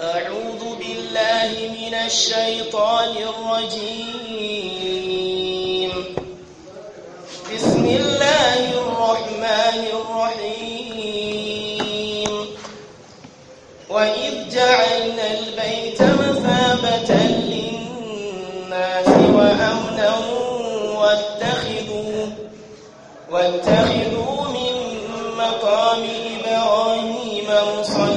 أعوذ بالله من الشيطان الرجيم بسم الله الرحمن الرحيم وإذ جعلنا البيت مثابة للناس وأمنا واتخذوا واتخذوا من مقام إبراهيم مصلى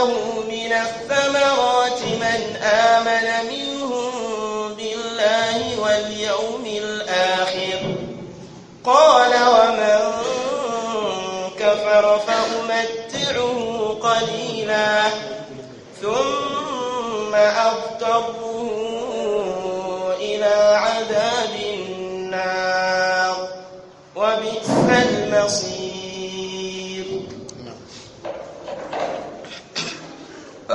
له من الثمرات من آمن منهم بالله واليوم الآخر قال ومن كفر فأمتعه قليلا ثم أضطره إلى عذاب النار وبئس المصير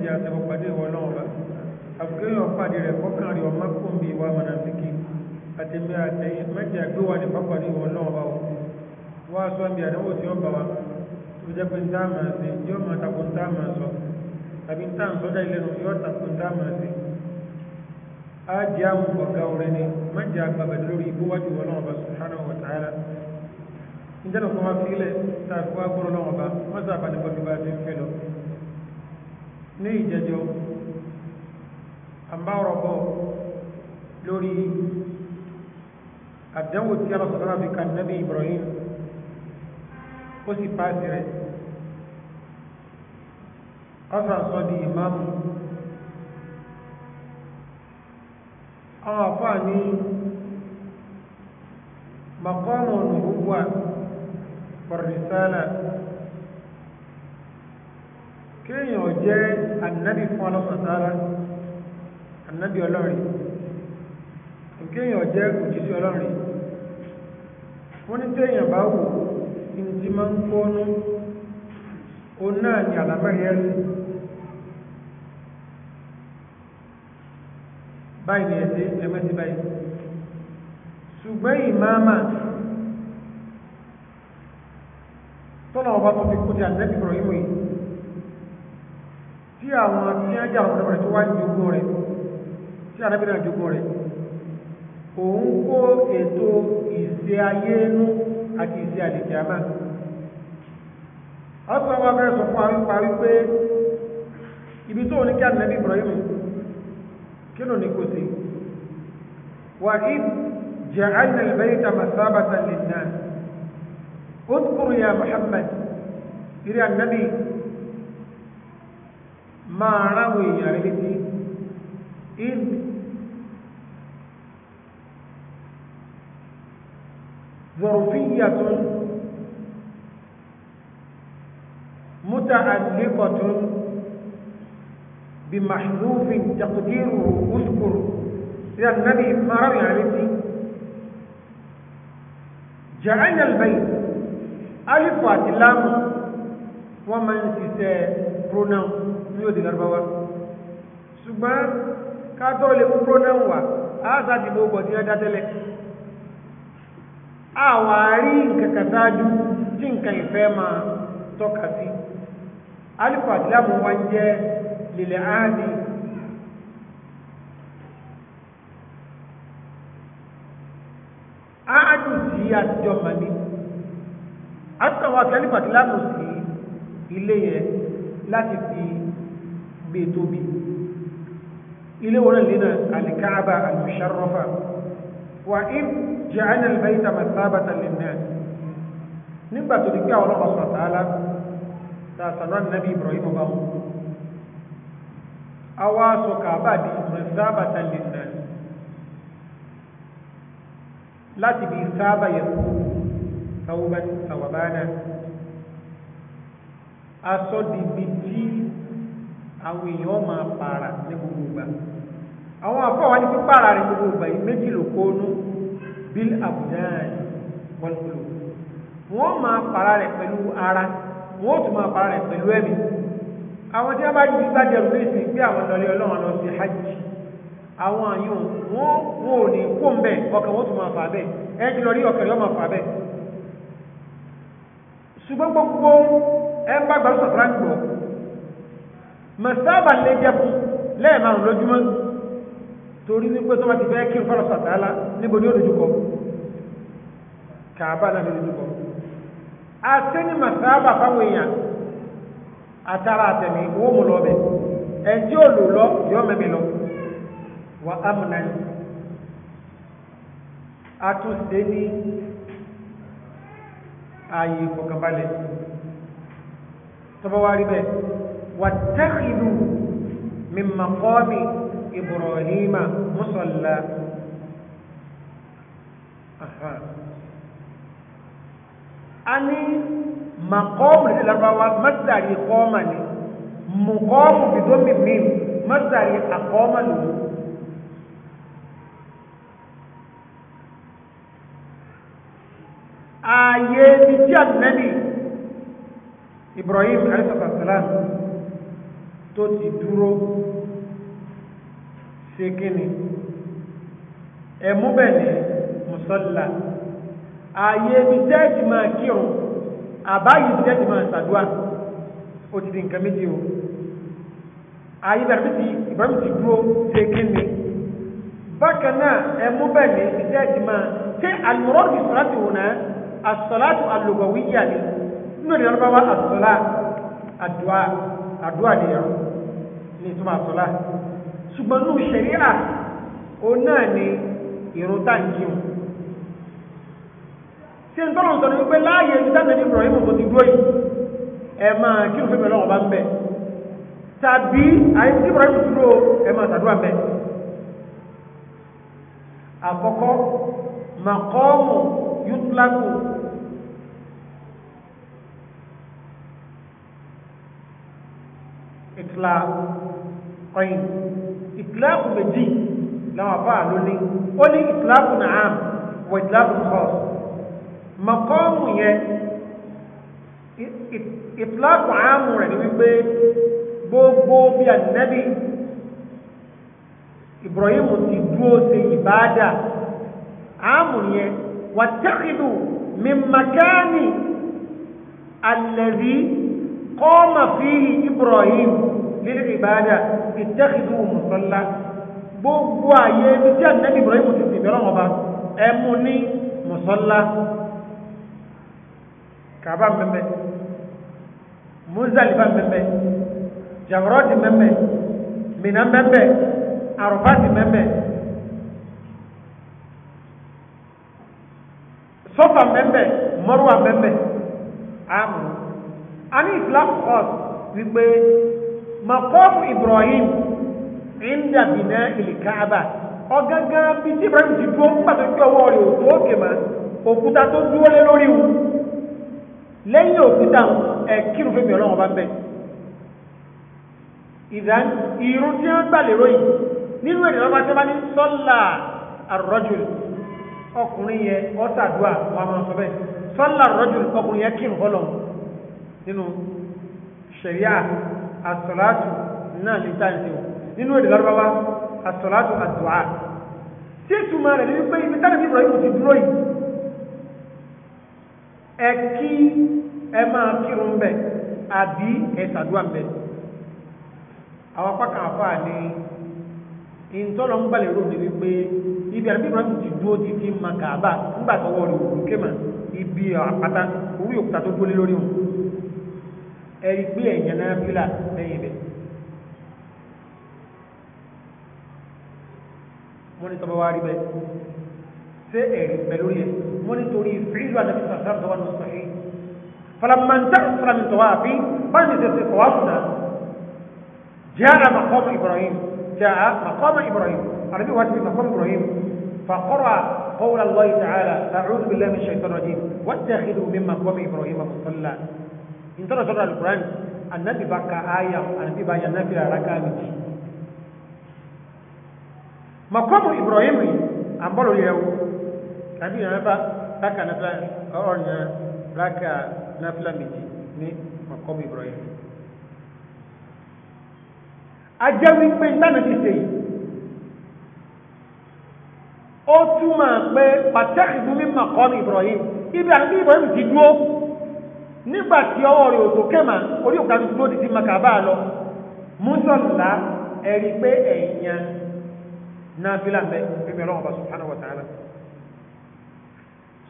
méjì àtẹ̀wọ̀ pàdé ìwọ ọlọ́run rẹ̀ kọ́kàn rí ọmọ kùnbí wa mọ̀nàfíkì àtẹ̀mí àtẹ̀yìn méjì àgbéwà ní pápàdé ìwọ ọlọ́run bá wọ́n aṣọ àmì àdánwò tí wa tó jẹ́ pé ń tá àmà sí yóò máa takò ń tá àmà sọ tàbí ń tá à ń sọ́dá ìlẹ́nu ni méjì àgbàbẹ̀ lórí ìgbówájú ọlọ́run bá subhanahu wa ta'ala njẹ́nu kọ́ máa fi ilẹ̀ tá a fi wá gbọ́dọ̀ lọ́wọ́ bá wọ́n sábà ní bá ti ń fẹ́ lọ ní ìjẹjọ àbáwọ̀rọ̀bọ̀ lórí àdánwò tí a lọ́sọ̀tọ́rọ̀ fi kan nẹ́bí Ibrahim ó sì pàásì rẹ̀ ọ́sànsọ́ di ìmáàmù àwọn àfáà ní makọ́mù nùgbùgbà kéèyàn jẹ́ ànábì fún ọlọ́sọ̀tara ànábì ọlọ́rin kéèyàn jẹ́ òjíṣẹ́ ọlọ́rin wọ́n ní téèyàn bá wò ní ti máa ń kọ́nú ó náà ni àlámẹ́rin ẹ̀sìn báyìí ni ẹ̀sẹ̀ ẹ̀mẹ́sì báyìí ṣùgbọ́n ìmáàmà tọ́nà ọba tó fi kú ti ànábì Ibrahim yìí tí àwọn tí wọ́n jà àwọn ọ̀dọ́ wá jogún rẹ̀ tí àdábì náà jogún rẹ̀ òun kó ètò ìṣe ayé nú àti ìṣe àlèkè àmà ọ̀sán wọn fẹ́ sọ fún àwọn parí pé ibi جعلنا البيت مثابة للناس اذكر يا محمد إلى النبي máa ráwọn èèyàn rẹ̀ létí in zọrọ̀fíyàtún múta àdìlékọ̀tún bí maṣrúfin takdiru uskur sí annabi máa ráwọn èèyàn létí ja'alna al-bayt alif àti lam wọ́n máa ń ṣiṣẹ́ pronoun ní òdì lárúbáwá ṣùgbọ́n ká tó lè mú pronoun wà á sàdìbò bọ̀ ní ẹ̀dá tẹ́lẹ̀ àwọn àárí nǹkan kan sáájú tí nǹkan ìfẹ́ máa tọ́ka sí alifu àti láàmú wa ń jẹ́ lílẹ̀ áàdì áàdì sí àtijọ́ mani àtàwọn àti alifu sí ilé yẹn láti fi bí tóbi ilé wọn lè náà alìkáàbà alìṣarrafa wà ní jẹ́ánà albaita mathabatan linnas nígbà tó di pé àwọn ọmọ tààlà tààsànà nàbí ibrahim ọba wọn a wá sọ kàábà di mathabatan linnas láti bí sábà yẹ tawban tawabana asọ́ di bí àwọn èèyàn máa para ní gbogbo ìgbà àwọn àfọwọ́ ní pípàrà rẹ̀ gbogbo ìgbà yìí méjì ló kóónú bíl àbùdáàn wọlùkùlù wọ́n máa para rẹ̀ pẹ̀lú ara wọ́n tún máa para rẹ̀ pẹ̀lú ẹ̀mí àwọn tí a bá yìí bá jẹun lè sìn pé àwọn lọlé ọlọ́run lọ sí hajj àwọn àyùn wọn wọn ní kó mbẹ ọkàn wọn tún máa fà bẹ ẹjì lọ rí ọkàn yóò máa fà bẹ ṣùgbọ́n gbogbo ẹ bá gbàgbọ́ sọ̀tàn gbọ́ mọ̀sáàbà lè jẹ́ fún lẹ́ẹ̀márùn lójúmọ́ torí wípé tó bá ti fẹ́ kí n fọ́lọ̀ sàtàlá níbo ní olójúkọ kàábà náà ní olójúkọ a sí ní mọ̀sáàbà fáwọn èèyàn àtàrà àtẹ̀mí owó mú lọ bẹ̀ ẹ̀jí ò lò lọ yọ mẹ́mi lọ wà á mú náà a tún ṣe ní ààyè ìfọ̀kànbalẹ̀ tọ́bọ̀ wá bẹ́ẹ̀ واتخذوا من مقام إبراهيم مصلى أها أني مقام الأربعة مصدر قومني مقام بدون ميم مصدر أقام له ààyè ibi tí ànábì Ibrahim alayhi tó ti dúró ṣe kíni ẹ̀múbẹ̀lẹ̀ mùsọ́lá ààyè ibi tẹ́ẹ̀tì máa kírun àbáyé ibi tẹ́ẹ̀tì máa ṣàdúà ó ti di nǹkan méjì o ààyè ìbẹ̀rẹ̀ ti dúró ṣe kíni bákan náà ẹ̀múbẹ̀lẹ̀ ibi tẹ́ẹ̀tì máa tẹ́ àlùmọ́rọ́dù ìsọ́láti wò náà àsọ̀láàtù àlùgbọ̀wíyà ni nínú ìdílọ́rọ́bá àsọ̀lá àdúà àdúrà ní ẹ̀rùn ní ìtumọ̀ àsọ́lá ṣùgbọ́n ní ṣẹ̀ríà ó náà ni ìrún táǹkìun tí ń tọ́lọ̀ sọ̀rọ̀ wípé láàyè ìdájọ́ ní Ibrahim tó ti dúró yìí ẹ máa kí ló fẹ́ bá ń bẹ̀ tàbí àyè tí Ibrahim dúró ẹ máa tàdúrà bẹ̀ àkọ́kọ́ màkọ́ọ̀mù yútùlákù ìtìláàkùn ìtìláàkùn méjì láwọn àbá lóní ó ní ìtìláàkùn àám wọ ìtìláàkùn kọ́s mọ̀kọ́ọ̀mù yẹn ìtìláàkùn àámù rẹ̀ ni wípé gbogbo bí ànẹ́bí Ibrahim ti dúró sí ìbáadà àámù yẹn wà tẹ́kìdù mímàkáàní alẹ́rí kọ́ọ̀mà fíhì Ibrahim lílì ìbáadà ìtẹ́kìdú mùsọ́lá gbogbo àyè ibi tí ànábì Ibrahim ti sì bẹ̀rọ̀ ọba ẹ mú ní mùsọ́lá kàbá mẹ́mẹ́ mùsàlìfà mẹ́mẹ́ jàmọ́rọ́dì mẹ́mẹ́ mìnà mẹ́mẹ́ àrùfáàtì mẹ́mẹ́ sọ́fà mẹ́mẹ́ mọ́rùwà mẹ́mẹ́ àmù a ní ìfìlà kọ́ọ̀sì wípé maqamu Ibrahim inda bina ilikaaba ọ̀gángan bíi tí Ibrahim ti dúró nígbà tó gbé ọwọ́ rẹ̀ òkú òkè mọ́ òkúta tó dúró lé lórí wù lẹ́yìn òkúta ẹ̀ kírun fún mi ọlọ́run bá ń bẹ̀ ìdán irun tí wọ́n gbà lérò yìí nínú èdè lọ́pàá tí wọ́n bá ní sọ́là àrọ́jùl ọkùnrin yẹn ọ́sàdúà wọn máa sọ bẹ́ẹ̀ sọ́là àrọ́jùl ọkùnrin yẹn kírun fọlọ́ nínú asọ̀látù náà lè tá ìṣe nínú èdè lárúbáwá asọ̀látù àdùá tí ìtumọ̀ rẹ̀ ní pé ibi tánà bí Ibrahim ti dúró yìí ẹ kí ẹ máa kírun bẹ̀ àbí ẹ ṣàdúrà bẹ̀ àwọn apá kan àfáà ní ìntọ́lọ ń balẹ̀ rò ní wípé ibi àbí Ibrahim ti dúró ti fi màkàbà ńgbà tọwọ́ rẹ̀ òkè mà ibi àpáta orí òkúta tó gbólé lórí wọn ẹ̀rí pé ẹ̀yàn náà fílà lẹ́yìn bẹ̀. mọ́ ní tọ́bọ̀ wá rí bẹ́ ṣé ẹ̀rí pẹ̀lú rẹ̀ mọ́ ní torí fílù àdàbí sàrán فقرأ قول الله تعالى أعوذ بالله من الشيطان الرجيم واتخذوا من مقام إبراهيم مصلى nítorí sọ́dọ̀ alukurani anabi bá ka aya anabi bá yan nafi rárá ká méjì makọ́mù ibrahim yìí à ń bọ́lọ̀ yẹ̀wò tàbí ìyàn bá ráka nafila ọ̀rọ̀ yẹn ráka nafila méjì ní makọ́mù ibrahim a wípé tánà ti ṣe ó túmọ̀ pé pàtàkì fún mi makọ́mù ibrahim ibi àti ibrahim ti dúró nígbà tí ọwọ́ rẹ̀ òtò kẹ́mà orí òkà tó dúró dìdí maka bá lọ mùsọ̀lá ẹ̀rí pé ẹ̀yà náà fi láǹbẹ̀ fẹ́mi ọlọ́run ọba subhanahu wa ta'ala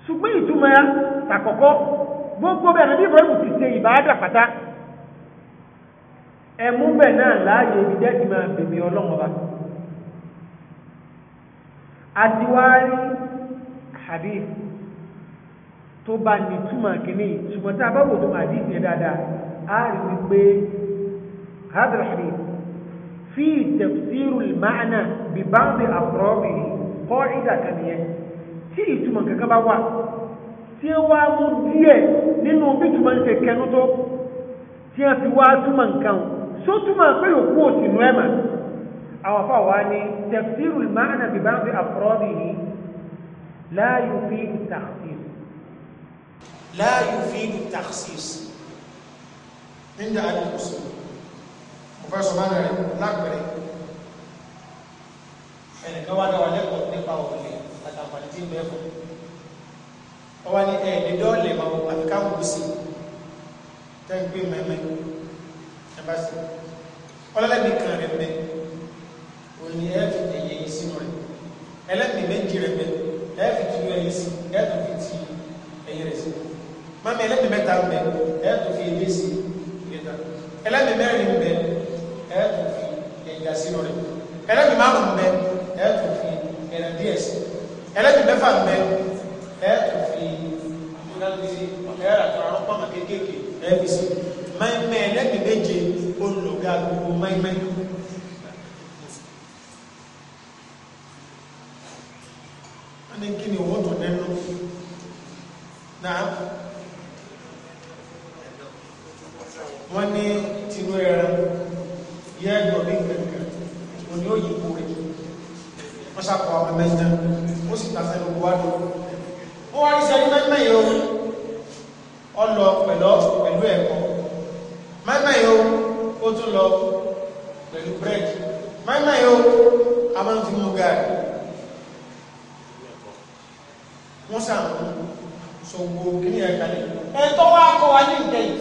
ṣùgbọ́n ìtumọ̀ ya tàkọ́kọ́ gbogbo bẹ́ẹ̀ nàbí Ibrahim ti ṣe ìbáàdà pátá ẹ̀mú bẹ́ẹ̀ náà láàyè ibi dẹ́ẹ̀tì máa bèbè ọlọ́run ọba àtiwárí hadith tó bá ní túmọ̀ kìíní ṣùgbọ́n tí a bá wò tó máa dìtì dáadáa a rí wípé hadal hadith fi tafsiru al-ma'na bi ba'd afrabi qa'ida kan yẹn tí ìtumọ̀ kankan bá wà tí ó wá mú díẹ̀ nínú bí túmọ̀ ń ṣe kẹnu tó tí a fi wá túmọ̀ nǹkan só túmọ̀ pé òkú òsìnú ẹ̀mà àwọn afọ àwa ni tafsiru al bi ba'd afrabi la yufidu takhsis لا يفيد التخصيص عند أهل الأصول مفاسو مانا lápẹẹrẹ ẹnìkan wá dáwà lẹ́kọ̀ọ́ nípa òfin àtàǹfààní tí ń bẹ fún ọwá ní ẹ̀ẹ̀dẹ̀ dọ́ọ̀lẹ̀ ma àti káàkùn sí tẹ́gbé mẹ́mẹ́ ẹbá sí ọlọ́lẹ́bí kan rẹ̀ bẹ òní ẹ̀ẹ́fì ẹ̀yẹ yìí sínú rẹ̀ ẹlẹ́bí méjì rẹ̀ bẹ ẹ̀ẹ́fì tí ó ẹ̀yẹ sí ẹ̀ẹ́fì tí ẹ̀yẹ rẹ̀ sí mami ẹlẹ́mì mẹ́ta ń bẹ ẹ̀ẹ́dù fi ebé sí ìgbẹ́ta ẹlẹ́mì mẹ́rin ń bẹ ẹ̀ẹ́dù fi ẹ̀yà sínú rẹ̀ ẹlẹ́mì márùn ń bẹ ẹ̀ẹ́dù fi ẹ̀nà díẹ̀ sí ẹlẹ́mì mẹ́fà ń bẹ ẹ̀ẹ́dù fi ẹ̀ẹ́dù àwọn pọ́nmà kéékèèké ẹ̀ẹ́dù sí mẹ́mẹ́ ẹlẹ́mì méje olùlọ́gà gbogbo mẹ́mẹ́ wọ́n ní kí ni owó tó nẹ́nu náà wọ́n ní tinú ẹran yẹ́ ẹgbọ̀n ní gbẹ̀gbẹ̀ òní ó yìí kúrẹ̀ wọ́n sàkọ̀ àwọn mẹ́ta ó sì tàfẹ́ gbogbo wá lóòrùn ó wá ní sẹ́rí mẹ́mẹ́ yóò ọlọ pẹ̀lọ́ pẹ̀lú ẹ̀kọ́ mẹ́mẹ́ yóò ó tún lọ pẹ̀lú bírẹ́dì mẹ́mẹ́ yóò a máa ń fi mú gaari wọ́n sàn sọ gbogbo kí ni ẹ̀ka lẹ́yìn ẹ̀tọ́ wá kọ́ wá ní ìgbẹ̀yìn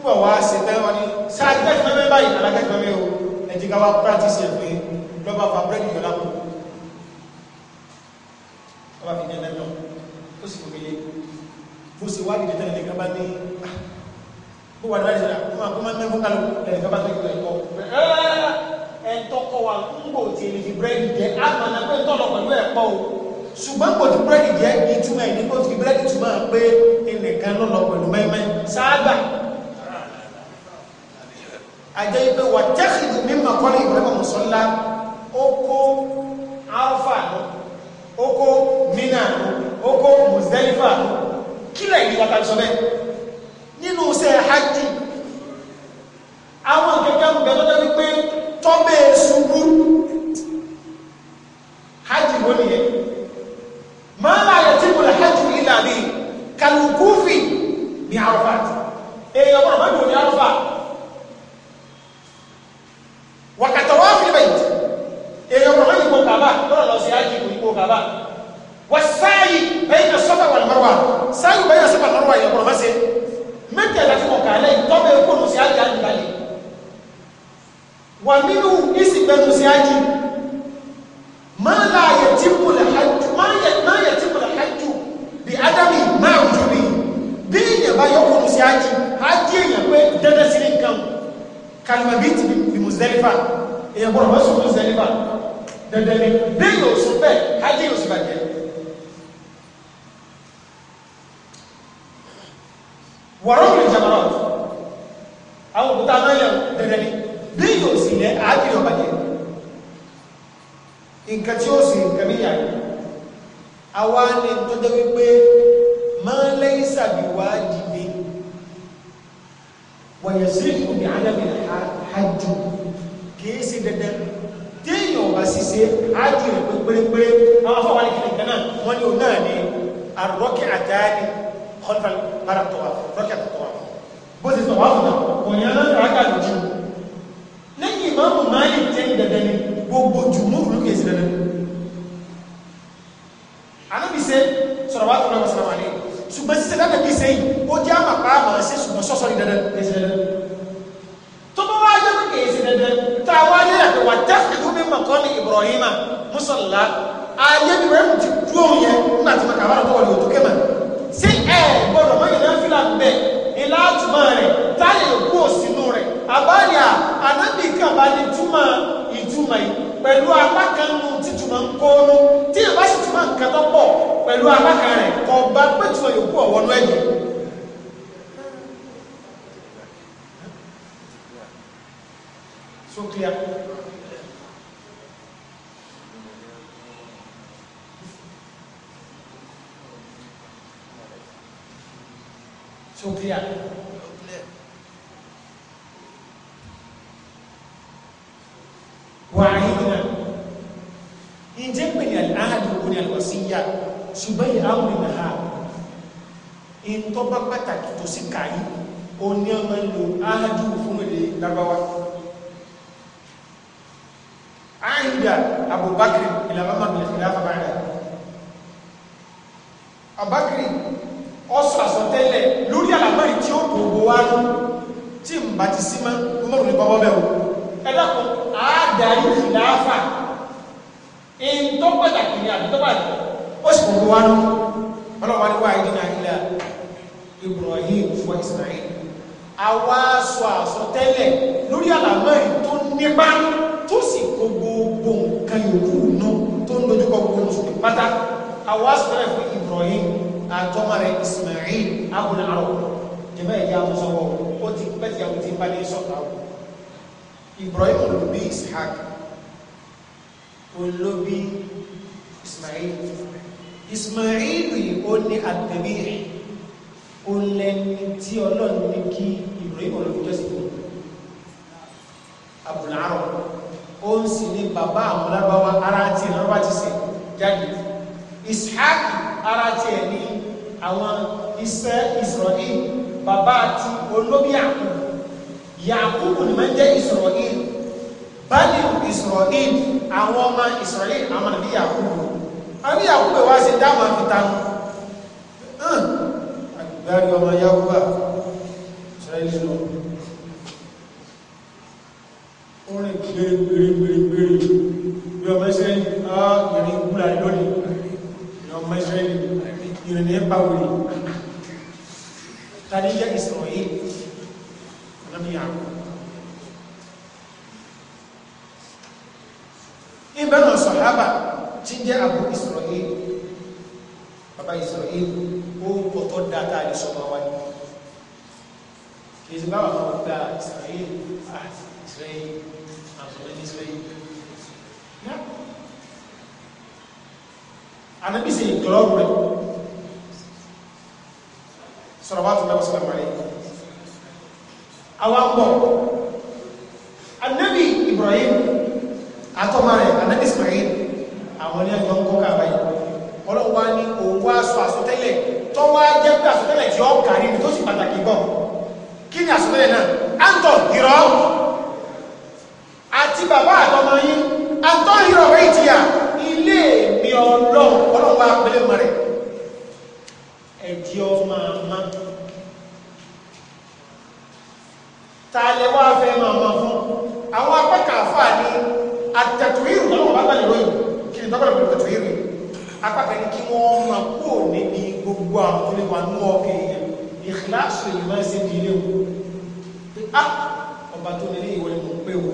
nígbà wá ṣe tẹ́ wọn ni ṣáájú tẹ́tí mẹ́mẹ́ báyìí alákẹ́tí mẹ́mẹ́ o ẹ̀jẹ̀ ká wá pírátìsì ẹ̀ pé lọ́ba fa búrẹ́dì yọ lápò lọ́ba fi jẹ́ lẹ́nu ó sì fòmí yé bó ṣe wá dìde tẹ́lẹ̀ nìkan bá ní ah, bó wà láti wa ń gbò tí èlè fi búrẹ́dì jẹ́ àmàlà pé tọ́lọ̀ pẹ̀lú ẹ̀kọ́ o ṣùgbọ́n kò ju búrẹ́dì jẹ́ ìtumọ̀ ẹ̀ ní kò fi búrẹ́dì túmọ̀ pé ẹnìkan lọ́lọ́ pẹ̀lú mẹ́mẹ́ sáábà àjẹ́ ipé wà jákìdù mímọ̀ kọ́lé ìbọ̀lẹ́mọ̀ mùsọ́lá oko alfa nù oko mina nù oko mùsẹ́lífà nù kílẹ̀ ìlú wata sọ bẹ́ẹ̀ nínú sẹ́ hajj àwọn kẹkẹ ọgbẹ tó dẹbi pé tọ́bẹ̀ ṣubú hajj wo nìyẹn máa láyọ̀ tí mo lè hajj ìlànà kàlùkúfì ní arafat èèyàn bọ̀rọ̀ bá dùn ní arafat wàkàtàwà fìlẹ̀ èèyàn kọ̀ọ̀kan yìí kó kàbá lọ́nà lọ sí ájì kò yìí kó kàbá wasayi bayna safa wal marwa sayi bayna safa wal marwa yẹn kọ̀ọ̀kan ma se mẹ́tẹ̀ láti kọ̀ kà lẹ́yìn tọ́ bẹ́ẹ̀ kó lọ sí ájì ájì balẹ̀ wà nínú ìsìn bẹ́ẹ̀ lọ sí ájì máa la yẹ tí mo lè hajj máa yẹ tí mo lè hajj bí ádámì máa wùjú mi bí ìyẹn yọ kó lọ sí ájì ájì èèyàn pé dandan sí ní nǹkan kalimabiti bi Muzdalifa èèyàn gbọ́dọ̀ wọ́n sùn Muzdalifa dandan ni bẹ́ẹ̀ yóò sùn bẹ́ẹ̀ hajj yóò sì bàjẹ́ wọ̀rọ̀ wọlé jamana àwọn òkúta náà yẹ dandan ni bẹ́ẹ̀ yóò sì lẹ hajj a bàjẹ́ nǹkan tí ó sì nǹkan bí yàrá àwa ni tó jẹ́ wípé máa ń wọ̀yẹ̀sìrìkù bí alábì hajj kìí ṣe dandan téèyàn ọba ṣiṣẹ́ hajj rẹ̀ pérépéré àwọn afọ wọn kìlì kan náà wọn ni òun náà ni arọ́kì àtàní kọlfà para tọ́wà rọ́kì àtọ́wà bó ti sọ wà fún wa kò yẹn náà rákà lójú lẹ́yìn ìmáàmù máa yìí tẹ́ dandan ni gbogbo jùmúrù ló kìí ṣe dandan anábìsẹ́ sọ̀rọ̀ wà fún wa sọ̀rọ̀ wà ní ṣùgbọ́n ṣíṣe dáná bí sẹ́yìn ó jẹ́ àmà pa àmà ṣe ṣùgbọ́n sọ́sọ́ ní dandan ẹ̀ṣẹ̀ dandan tó bá wá jẹ́ pé ẹ̀ṣẹ̀ dandan tá a wá yẹ àpè wà jáde ló ní mọ̀kọ́ ní Ibrahima mùsọ̀lá ayé bí rẹ̀ ti dú òun yẹn nígbà tí màkà wàrà tó wà ní òtún àbáyà ànábì kan bá ní túmọ̀ pẹ̀lú alákanu títúmọ̀ ń kóónú tí ìbá sì túmọ̀ nǹkan tó pọ̀ pẹ̀lú alákan rẹ̀ ọba pẹ̀tùmọ̀ yòókù ọ̀wọ́nú ẹ̀yìn so clear so wàhíìnà ìjẹ́ pẹ̀lú àádùn orí àlùwàsíyà ṣùgbọ́n ìhàwùn ìnàhà ìtọ́pá pàtàkì tó sì kàáyí ó ní ọmọ ìlú àádùn fún èdè lágbàwá àìdà Abubakar ìlàmọ́mọ́ ìlàfà bá rẹ̀ Abubakar ọsọ àsọtẹ́lẹ̀ lórí àlàmọ́rì tí ó gbogbo wá tí ń bá ẹlẹ́kùn àádáyé ìlàáfà in tó pàtàkì ní àdúgbà ó sì kòkó wá nù ọlọ́wà ní wáyé ní àìlà Ibrahim fún Ismail àwa sọ àsọtẹ́lẹ̀ lórí àlàmọ́ tó nípa tó sì kó gbogbo nǹkan yòókù náà tó ń dojúkọ gbogbo mùsùlùmí pátá àwa sọ̀rọ̀ fún Ibrahim àtọ́mọ rẹ̀ Ismail abúlé àrọ̀ jẹ́mẹ́ ìyá àwọn sọ́wọ́ ó ti pẹ́ tí àwọn ti bá ní sọ̀tà àwọn Ibrahim ló bí Ishaq ló bí Ismail Ismail ó ní àtẹ̀bí rẹ̀ ó lẹ́ni tí ọlọ́run ní kí Ibrahim ló fi jọ́sìn fún abùlárọ̀ ó ń sì ní bàbá àwọn lábáwá ara tí ìrànwá ti sè jáde Ishaq ara tí ẹ̀ ní àwọn iṣẹ́ Israel bàbá àti olóbí àkùnrin Yakubu ni máa ń jẹ́ Israel bali Israel àwọn ọmọ Israel àwọn àbí Yakubu àbí Yakubu wá sí dáàmà fìta àgbàrí ọmọ Yakubu Israel lọ orin gbèrè gbèrè gbèrè bí ọmọ Israel gbèrè gbúra lónìí ọmọ Israel ìrìnlẹ̀ pàwọ̀lì tàbí jẹ́ Israel jami'a ìbẹ̀rún sọ̀hábà tí jẹ́ Abu Isra'il bàbá Isra'il ó ń pọ̀ tó dáta ní sọmọ wa ní ìsìnbáwà kan gba Isra'il àti ah, Isra'il àtúnlẹ̀ ní Isra'il anábìsẹ̀ ìgbọ́rọ̀ rẹ̀ sọ̀rọ̀ wá tó lọ́wọ́ sọ̀rọ̀ awapọ̀ anabi Ibrahim atọ́mọ rẹ̀ anabi Ismail àwọn ní ẹjọ́ ń kọ́ kàbá yìí ọlọ́wà ní òwú aṣọ àsọtẹ́lẹ̀ tó wá jẹ́ pé àsọtẹ́lẹ̀ tí ó kàrí tó sì pàtàkì bọ̀ kí ni àsọtẹ́lẹ̀ náà anton hìrọ́ àti bàbá àtọmọ yín anton hìrọ́ rẹ̀ ti yà ilé mi ọlọ́run ọlọ́wà pẹ̀lẹ́ mọ́ rẹ̀ ẹ̀dí ọmọ máa tààlẹ̀ wá fẹ́ máa máa fún àwọn apákà àfà ní àtẹ̀tùrírù lọ́wọ́ bá tàlẹ̀ lóyìn kí ni dọ́gbọ̀n pẹ̀lú tẹ̀tùrírù apákà ní kí wọ́n máa kú òní ní gbogbo àwọn tó lè wà ní ọkẹ èèyàn ìkìláàsì lè máa ṣe di ilé wọn pé á ah, ọba tó nílé ìwọ ni mo pé o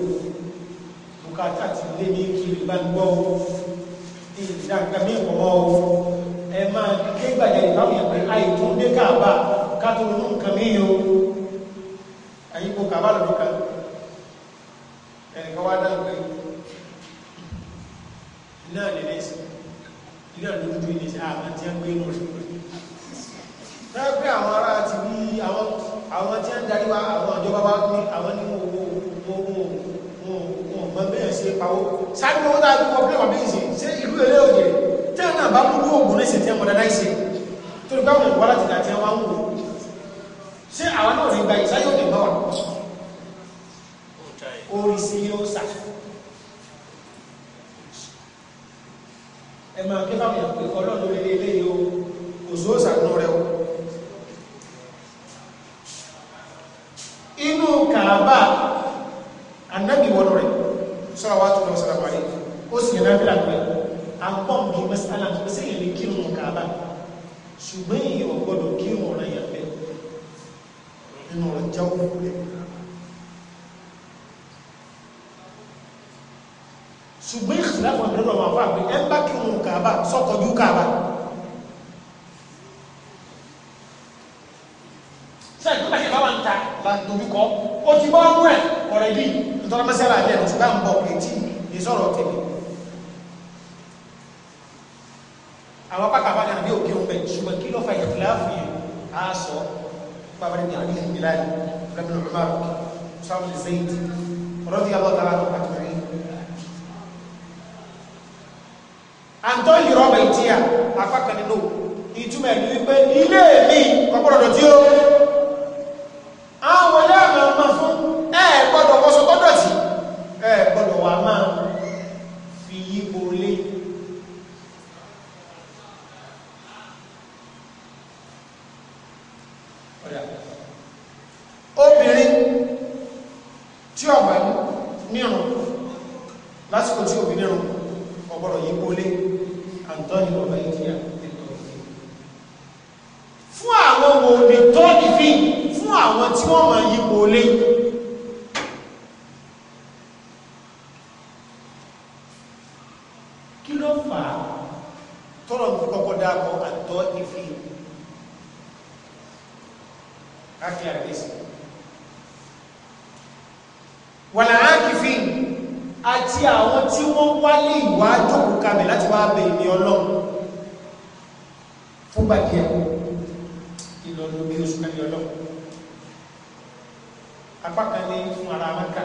bùkátà ti lé ní kiri bá gbọ́ o ìdàgbà mí ìpọ̀mọ́ o ẹ máa kégbàjà ìbáwọ̀ yẹn pé àìtúndé káàbà ká tó nù nǹkan mí o ẹ̀yìn kò kàbá lọ́dún kan ẹnìkan wá dáhùn pé iná nílé ìsìn iná lójú ilé ìsìn àmọ́ tí ó gbé inú rẹ̀ rẹ̀ pé àwọn ará ti rí àwọn tí ó ń darí wa àwọn ìjọba wa ní àwọn ní ọmọ bẹ́ẹ̀ sí pàwó sáré wọn dáa bí wọ́n pé wọ́n bí ìsìn sí ìlú ilé òjè tẹ́ẹ̀ náà bá mú ní òògùn ní ìsìn tí wọ́n dáadáa ìsìn tó ní báwọn ìwọ́n láti dà tí wọ́n wò torí ọlọ́run apá kan ní fún ara mẹ́ka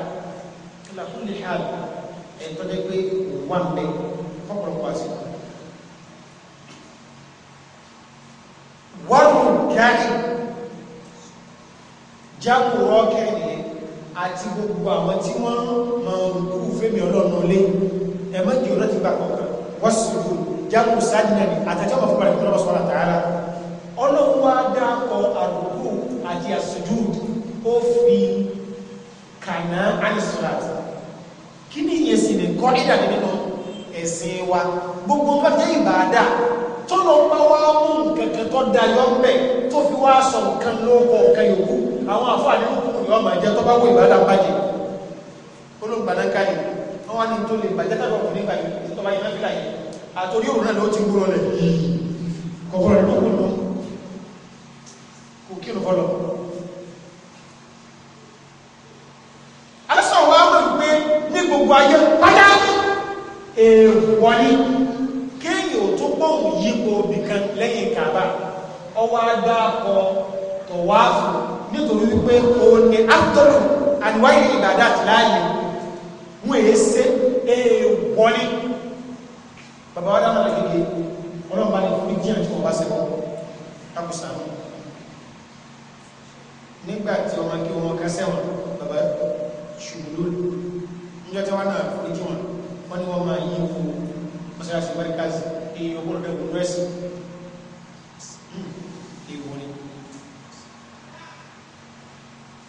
ìlàkùn lè ṣáàlù ẹ̀tọ́ jẹ́ pé wà ń bẹ fọ́pọ̀lọpọ̀ àsìkò wọ́n jáì jákò rọ́ọ̀kẹ́ nìyẹn àti gbogbo àwọn tí wọ́n mọ̀ òkú fẹ́mi ọlọ́run olé ẹ̀mọ́jì ọ̀rọ̀ ti gbà kọ̀ọ̀kan wọ́n sì rú jákò sáàdìnà àtàjọ́ ọlọ́run wá dákọ̀ àrùkù àti àsùjù ó fi kàná àìsùrat kí ni ìyẹn sì lè kọ́ ìdàdé nínú ẹ̀sìn wa gbogbo bá jẹ́ ìbàdà tọ́lọ bá wá mú nǹkankan tó dayọ́ mẹ́ tó fi wá sọ nǹkan lóòkọ̀ ọ̀kan yòókù àwọn àfáàní lókùn yọ́ máa jẹ́ tó bá wọ ìbàdà bàjẹ́ olóògbàdánkàlẹ̀ wọ́n wá ní tó lè bàjẹ́ tàbí ọkùnrin gbàgbé tó bá yẹ náà fi láyé àtòrí òun náà ló ti gbúrọ̀ lẹ̀ kọ̀kọ̀rọ̀ lọ́kùnrin kí n fọ́lọ̀ alẹ́sàn wá mọ̀ pé ní gbogbo ayé pátá èèwọ̀ ni kéèyàn ò tó pọ̀hùn yípo bìkan lẹ́yìn kàbá ọwọ́ adáàkọ tọ̀wáàfù nítorí wípé òun ni áptọ́lù àdìwáyé ìbàdà àti láàyè wọ́n èé ṣe èèwọ̀ ni bàbá wa dáhùn àgbègbè ọlọ́mọba ni fún ní jíyànjú ọba sẹ́kọ̀ọ́ kápùsà náà nígbà tí ọmọ kí wọn ká sẹ́wọ̀n bàbá ṣùgbọ́n níjọ́ tí wọ́n náà forí jù wọn wọ́n ní wọ́n máa yí ipò mọ́sálásí mẹ́ríkàsì èyí ọgbọ́n rẹ̀ kò rẹ́sì èèwọ̀ ni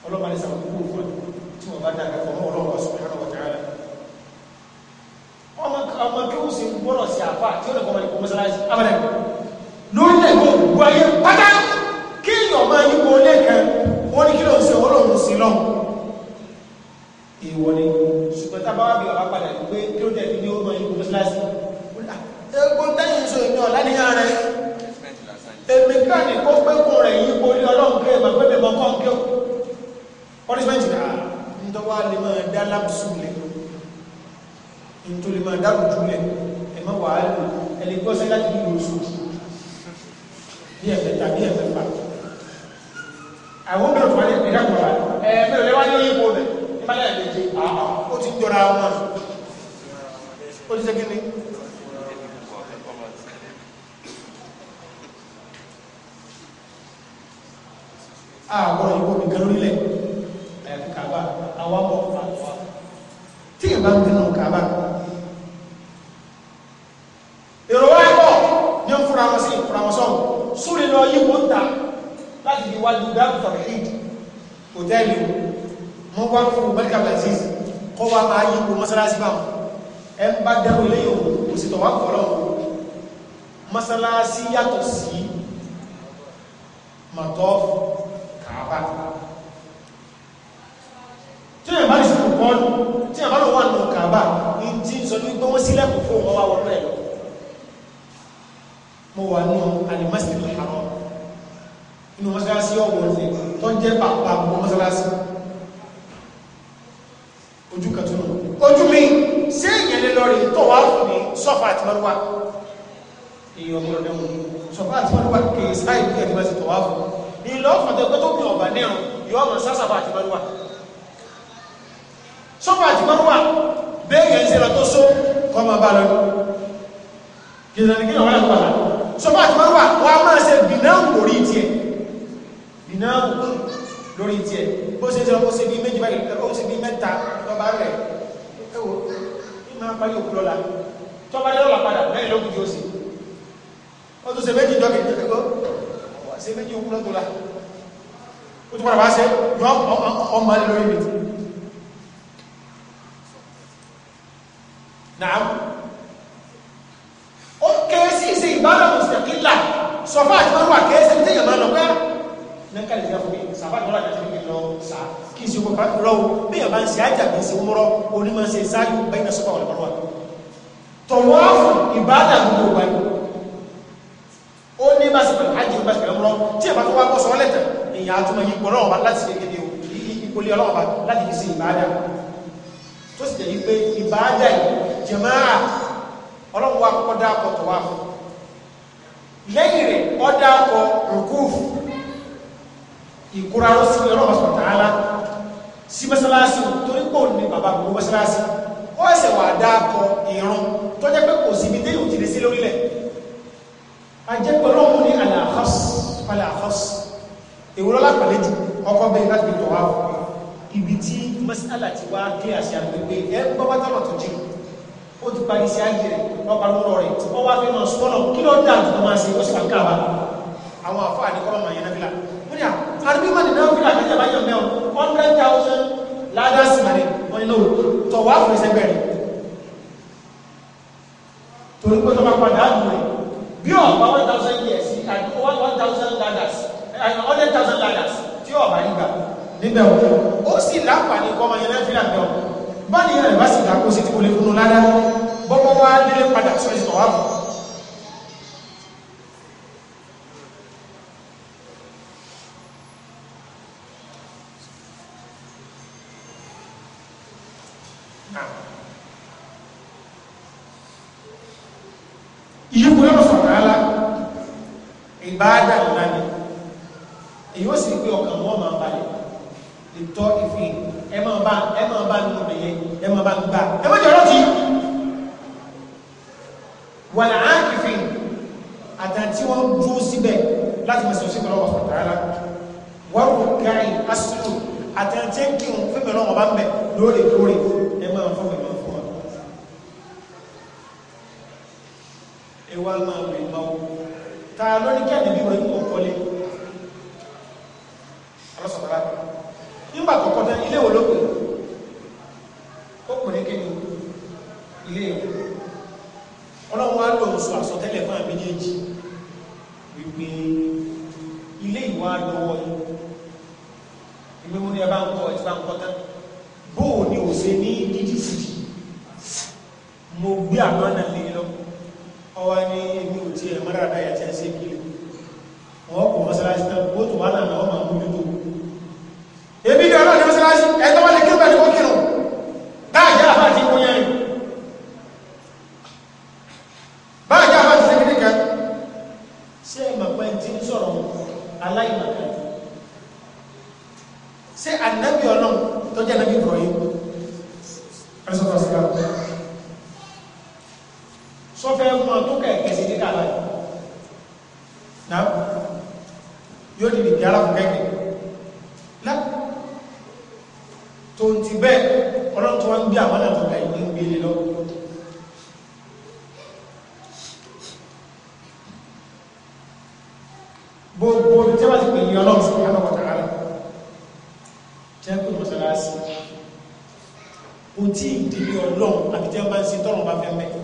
ọlọ́pàá ní sàmùkú kúrò fún tí wọ́n bá dá akẹ́kọ̀ọ́ mọ́ ọlọ́pàá subhanahu wa ta'ala ọmọ kí ó sì gbọ́rọ̀ sí àfà tí ó lè kọ́ mọ́ mọ́sálásí abẹ́rẹ́ lórílẹ̀ gbogbo ayé pátá kí èèyàn máa yípo lẹ́ẹ̀kan kí ló ń ṣe ọlọ́run sí lọ ìwọ ni ṣùgbọ́n tábà wà bí ọba padà pé kí ló dẹ̀ ní ọmọ ìlú mọ́síláṣí egbò tẹ́yìn sọ èmi ọ̀la níyà rẹ èmi ká ní kó pẹ́kùn rẹ̀ yí borí ọlọ́run kí ẹ̀mọ̀ pé bẹ̀bọ̀ kọ́ kí ó punishment rà ń tọ́wọ́ lè máa dá lápùsù lẹ̀ ń tó lè máa dá lójú lẹ̀ ẹ̀mọ́ wàá lò ẹ̀lẹ́ gbọ́ sẹ́lá kì í lò oṣù bí ẹ̀fẹ́ tàbí ẹ̀fẹ́ pa àwọn obìnrin fún mẹ́lẹ̀ méje àwọn ó ti jọra wọn ó ti ṣẹ́gi ní. àwọn ìwọ nìkan lórílẹ̀ ẹ̀ka bá àwọn ọmọ ọ̀pá tí ìbá ń bínú mọ́sálásí bá ẹ ń bá dẹ́rù ilé yòó kò sì tọ̀wá fọ́lọ́ mọ́sálásí yàtọ̀ sí mọ̀tọ́ kàábà tí èèyàn bá lè sọ bọ́ọ̀lù tí èèyàn bá lọ wà nù kàábà ní tí ń sọ ní gbọ́wọ́ sílẹ̀kùn fún wọn wá wọnú ẹ̀ lọ mo wà nù alimásílẹ̀ àrọ̀ inú mọ́sálásí ọ̀wọ̀ ọ̀sẹ̀ tó jẹ́ pàpà mọ́sálásí sọ́fà àti mọ́rúwà èyàn ọmọ ọ̀dẹ́wọ̀n sọ́fà àti mọ́rúwà kèé sáì ní ẹ̀dí mẹ́sì tọ̀wá fún ní ilé ọ̀fọ̀dẹ́ pé tó bí ọ̀bà nírun yọ ọmọ sásàfà àti mọ́rúwà sọ́fà àti mọ́rúwà bẹ́ẹ̀ ń ṣe lọ tó só kọ́ máa bá lọ sọ́fà àti mọ́rúwà wọ́n á máa ṣe bìnáwó lórí tiẹ̀ bìnáwó lórí tiẹ̀ bó ṣe jẹ́ ọkọ̀ ṣe bí méjì báyìí ó ṣe bí mẹ́ta lọ́ba rẹ̀ ẹ̀wọ̀ parí òkú tọ́ba lọ́la padà mẹ́rin lókun tí ó sì ó tún ṣe méjì dọ́kì ìjọba wà ṣe méjì òkú lọ́tọ́lá ó tún padà wá ṣe yọ ọmọ lórí mi náà ó kéré sí ìṣe ìbára mùsùlùmí sọfá àti márùn àkẹ́ẹ́sẹ̀ tí èèyàn máa lọ pẹ́ ah, nẹ́ka lè yàfọ́ sàfá àti márùn àti lọ sá kí ìṣe òkú lọ́wọ́ bí èèyàn bá ń ṣe àjàgbé ṣe ń mọ́rọ́ onímọ̀ ṣe ìṣáájú bẹ́ẹ̀ ní sọfá ọ̀lẹ́mọ̀rọ̀ tọ̀wọ́ọ̀fù ìbádà gbogbo ọgbà ẹ̀kọ́ ó ní bá sí pẹ̀lú àjẹ́ ìbá sí pẹ̀lú ọmọ tí ẹ̀bá tó wá bọ́ sọ́ọ́ lẹ́tà èyàn àtúmọ̀ yípo ọlọ́run bá láti ṣe kéde ìkólé ọlọ́run bá láti fi sí ìbádà tó sì tẹ̀lé pé ìbádà jẹ̀máà ọlọ́run wá kọ́kọ́ dáàkọ̀ tọ̀wọ́ọ̀fù lẹ́yìn rẹ̀ ọ dáàkọ̀ rùkúfù ìkúra lọ sí ọlọ́run bá sọ̀tà ó ẹsẹ̀ wà dáàkọ ìrun tó jẹ́ pé kò sí ibi téèyàn jìnnì sí lórílẹ̀ ajẹ́pẹ́ ọlọ́run ní àlàáfọ́s àlàáfọ́s ìwúrọ́lá pàlejò ọkọ̀ bẹ́ẹ̀ láti fi tọ̀wá ibi tí mọ́sálà ti wá dé àṣà gbogbo ẹ̀ ń bọ́ bátàlọ̀ tó jẹ́ ó ti parí sí ayé rẹ̀ ọkọ̀ lọ́rọ̀ rẹ̀ tí wọ́n wá fi máa sọ́nà kí ló dà tó máa ṣe ó sì kàkà wa àwọn àfáà ní kọ́lọ́mà yẹn náà fìlà wọ́n ní àrùbí mọ́ni náà fìlà kẹjọba yọ̀ mẹ́wọ̀n one hundred thousand ládàá sí màrí wọ́n ní lọ́wọ́ tọ̀ wá fún ẹsẹ̀gbẹ̀ rẹ̀ torí pé tọ́ba padà á dùn rẹ̀ bí ọ̀pá one thousand years àti one thousand ladders hundred thousand ladders tí ọ̀bá nígbà níbẹ̀ wọ̀ ó sì láǹfààní kọ́mọ yẹn lẹ́fìlà bẹ̀ ọ́ bá ní ìrìn bá sì dàkó sí ti wọlé fún un ládàá bọ́bọ́ wá délé padà sọ ìsìn ọ̀wá fún un ìbáàdà ńlá ni èyí ó sì rí pé ọkàn wọn máa balẹ̀ ìtọ́ ìfì ẹ máa bá ẹ máa bá nínú ọ̀nà yẹn ẹ máa bá ń gbà ẹ má jọ̀rọ̀ sí wà ní àkìfì àtàtí wọn dúró síbẹ̀ láti mọ̀ sí ọ̀sẹ̀ pẹ̀lú ọ̀sẹ̀ tààlà wọ́n kò káyìn asùnù àtàtí kí n fẹ́ pẹ̀lú ọ̀bá ń bẹ̀ lóòrèkóòrè ta lórí kẹ́ẹ̀dẹ́bí wọ́n ń kọ́ kọ́lé ṣé ànábì ọlọ́run tó jẹ́ ànábì Ibrahim ẹ̀sọ́tọ̀ sí káàkó sọ́fẹ́ mọ́ tó kẹ̀kẹ́ sí ní kàlá yóò di nìkẹ́ alákùnkẹ́kẹ́ lá tó ń ti bẹ́ẹ̀ ọlọ́run tó wá ń gbé àwọn àtọ̀kẹ́ ìdí ń gbé lọ́wọ́ gbogbo tí wọ́n ti pè ní ọlọ́run tí ì di bí ọlọ́run àbí tí wọ́n bá ń sin tọ́lọ́run bá fẹ́ mẹ́ta.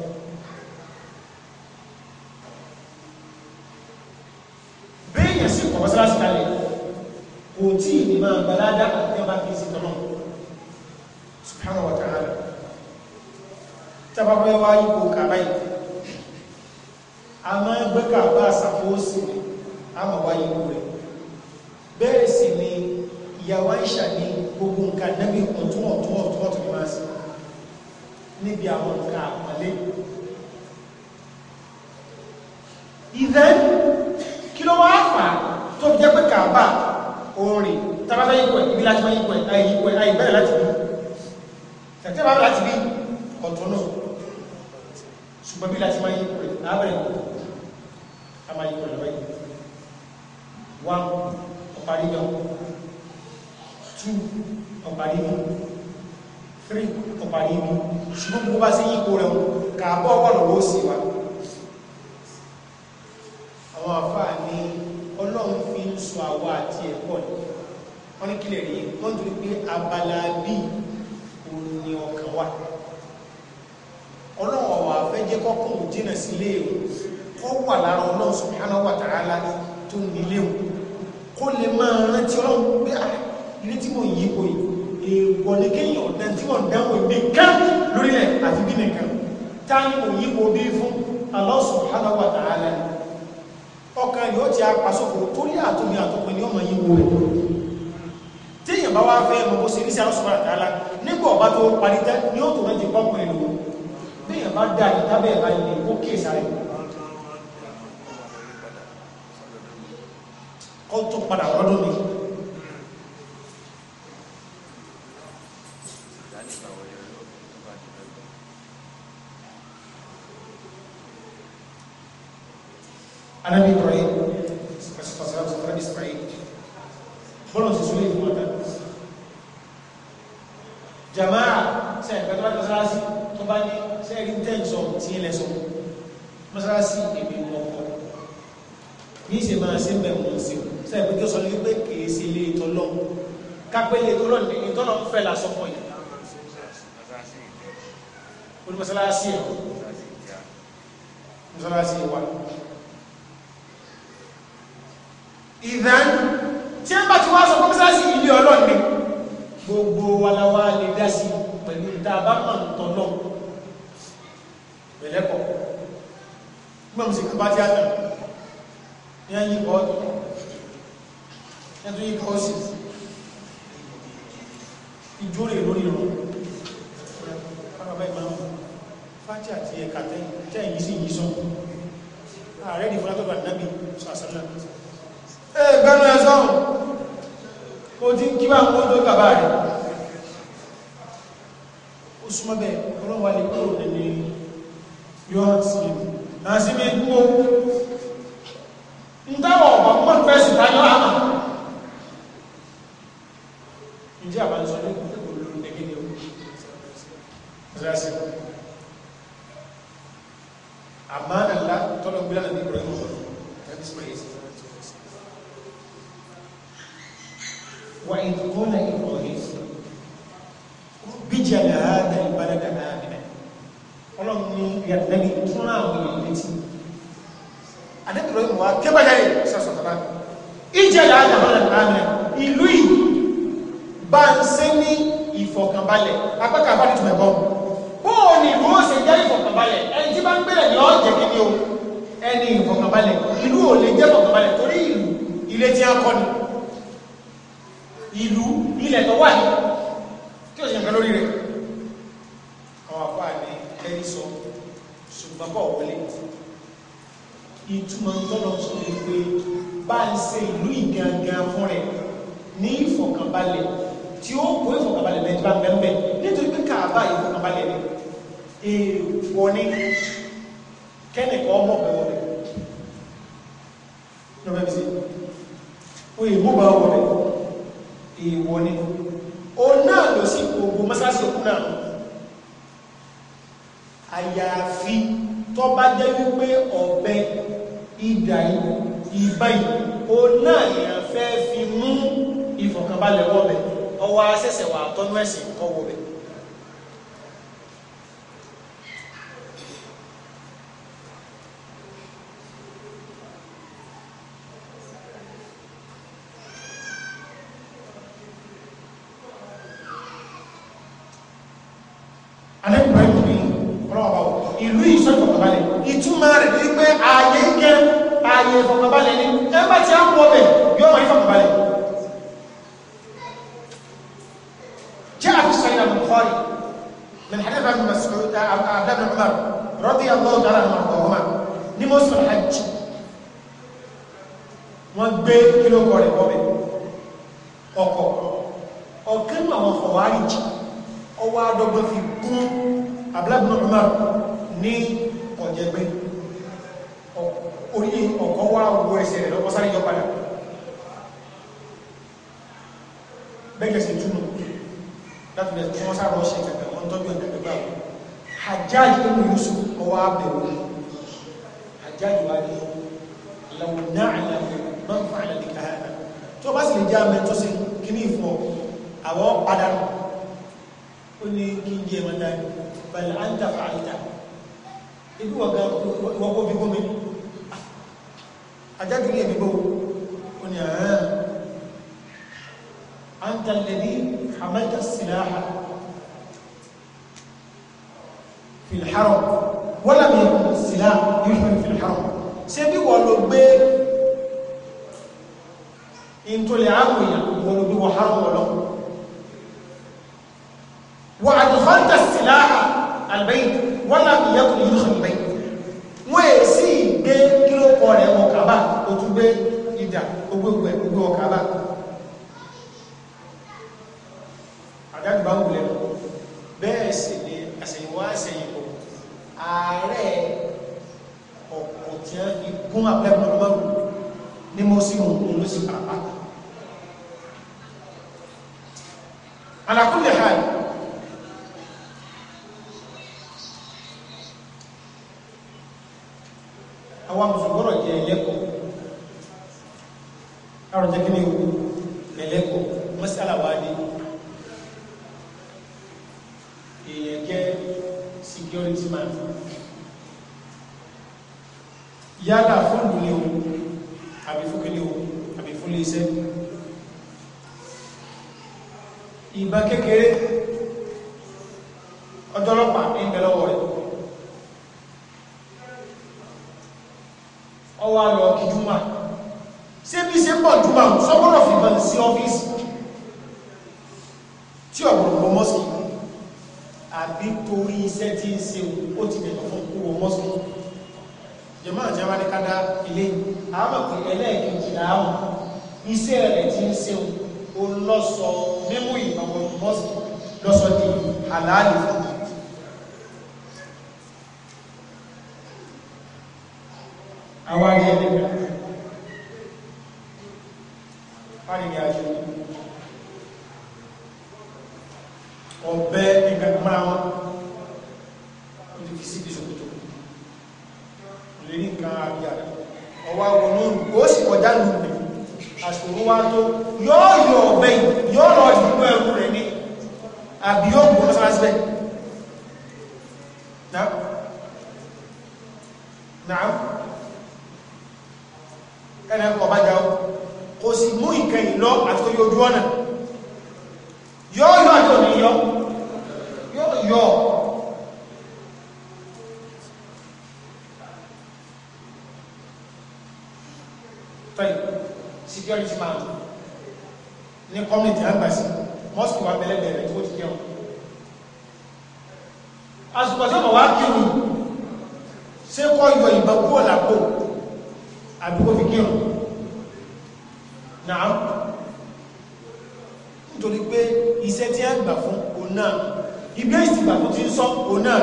Anabi Ibrahim asipasara sọ̀rọ̀ Ismail bọ́lọ̀ sí sólè fún ọ̀tá jamaa sẹ ẹgbẹtọ bá mọ́sálásí tó bá ní sẹ ẹrí tẹǹsọ tí ilẹ̀ sọ mọ́sálásí èmi ọkọ ní ìṣe máa ṣe bẹ mọ sí o sẹ ẹgbẹtọ sọ ní pé kèé sí ilé ìtọlọ kápẹ ilé ìtọlọ ní ìtọlọ ń fẹ́ lásọpọ yìí onímọ̀sálásí ẹ̀ mọ̀sálásí ẹ̀ wà ìdán tí ẹ bá ti wá sọ pé mọ̀sálásí ilé ọlọ́ni gbogbo wa la wá lè dá sí pẹ̀lú tá a bá mọ̀ tọ̀lọ̀ pẹ̀lẹ́kọ̀ gbọ́n sí kàbá tí a tàn ní ẹ̀yìn kọ́ ọ̀tọ̀ ẹ̀tún yìí kọ́ sí ìjórè lórí rọ̀ fájì àti ẹ̀ka tẹ́yìn sí yìí sọ́n ààrẹ ní fọ́látọ́bà náàbì sàṣẹ́lẹ̀ ẹgbẹ́nu ẹ̀sọ́n o ti ń kí bá ń kó tó bàbá rẹ̀ o súnmọ́ bẹ́ẹ̀ ọlọ́run wà lè kúrò nínú Yohan sílẹ̀ náà sí bí kú ń dáwọ̀ ọ̀pọ̀ pọ̀ pẹ́sì táyọ́ àmà ǹjẹ́ àbánsọ́ ní kò lórí ẹgbẹ́ ni tí bá mẹ́mẹ́ nítorí pé káàbá yìí fún abalẹ̀ rẹ̀ èèwọ̀ ni kẹ́nìkan ọmọ bẹ̀wọ̀ rẹ̀ lọ́bẹ̀ bí sí o èèwọ̀ bá wọ̀ rẹ̀ èèwọ̀ ni o náà lọ sí gbogbo mọ́sáàsì òkú náà àyàfi tó bá jẹ́ wípé ọ̀bẹ ìdà ìbáyìí o náà yẹn fẹ́ fi mú ìfọ̀kànbalẹ̀ wọ́bẹ̀ ọwọ́ asẹ̀sẹ̀ wà tọ́nú ẹ̀sìn ọwọ́ bẹ̀. àdágbà ń wulẹ̀ bẹ́ẹ̀ sì ni àṣẹ̀yìnwá àṣẹ̀yìnbọ̀ ààrẹ ọ̀pọ̀ tí wọ́n fi gún abẹ́mọ́lọ́mọ́rù ní mo sí ohun ohun ló sì pàápàá alákùnlé ha àwọn mùsùlùmọ́rọ̀ jẹ́ ẹlẹ́kọ̀ọ́ àrùn jẹ́ kí ni o yálà fóònù ní o àbí fúnkílé o àbí fúnlé iṣẹ́ ìbá kékeré fún òun náà ìgbé ìsìgbà tó ti ń sọ òun náà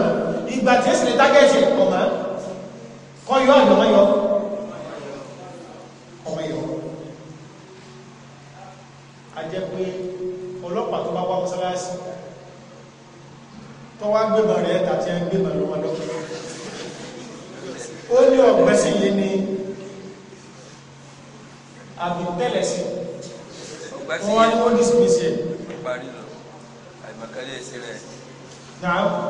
ìgbà tí èsì lè tágẹ́ẹ̀tì ọmọ kọ́ yọ àjọmọ́yọ ọmọ yọ a jẹ́ pé ọlọ́pàá tó bá wá mọ́sálásí tó wá gbébọn rẹ̀ tàbí ẹgbẹ́bọn lọ́wọ́dọ́ ó ní ọ̀gbẹ́sìn yé ní today. Now,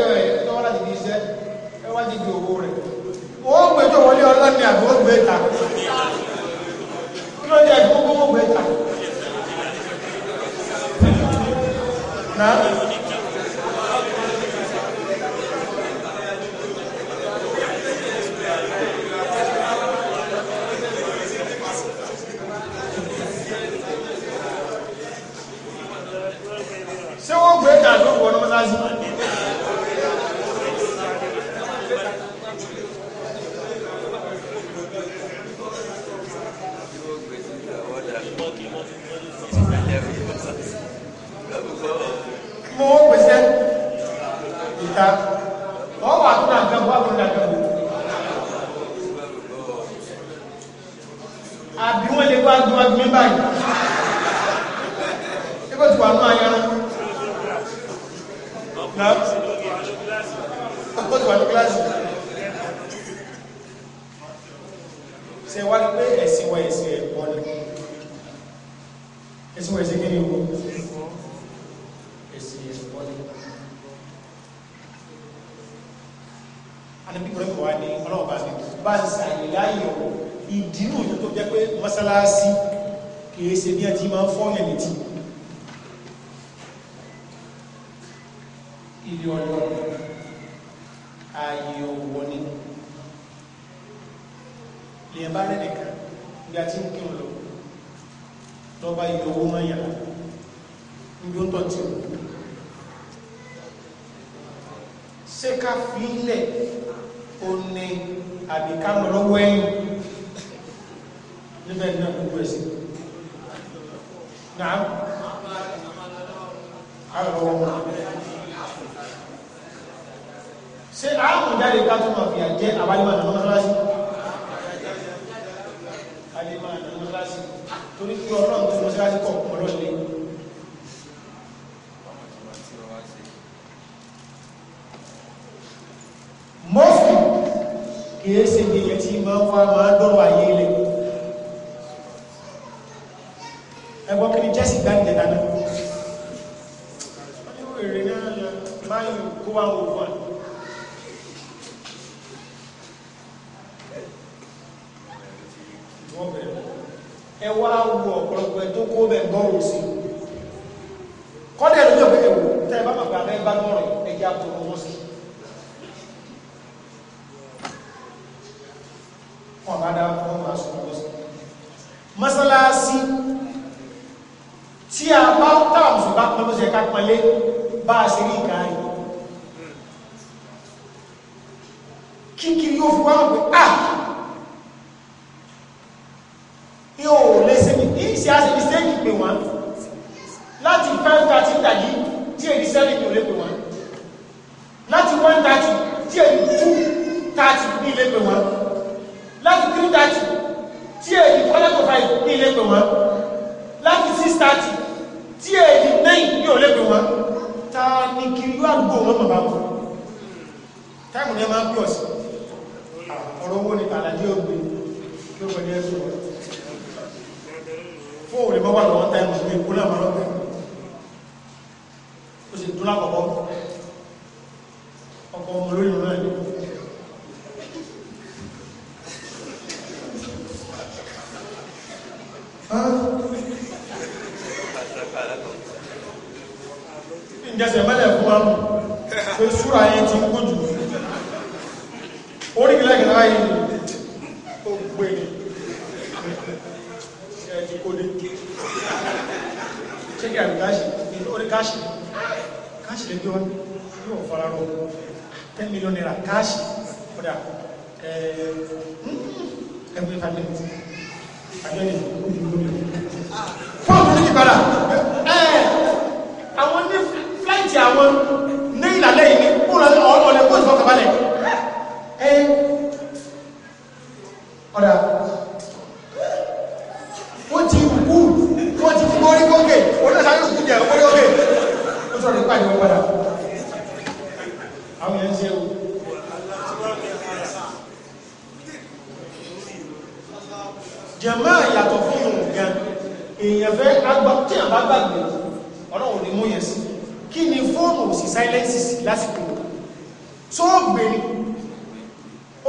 ẹjọ́ ẹ̀ lọ́wọ́ láti di iṣẹ́ ẹ wá jíjí owó rẹ̀ ó gbẹjọ́ wọlé ọlọ́ni àbí ó gbé ta kí ló dé ẹ̀kọ́ gbogbo ẹ wá wo ọ̀pọ̀lọpọ̀ ẹ tó kó bẹ̀ gbọ́rùn sí kọ́dẹ̀ lójú ọ̀pẹ̀ ẹ̀wò tẹ́ ẹ bá mọ̀ pé abẹ́ bá gbọ́rọ̀ ẹ̀jẹ̀ àtọ̀rọ̀ wọn sí wọn bá dá wọn máa sọ wọn sí mọ́sálásí tí a bá táwọn mùsùlùmí bá pọn bó ṣe ká pọnlé bá a ṣe rí sóògbé ni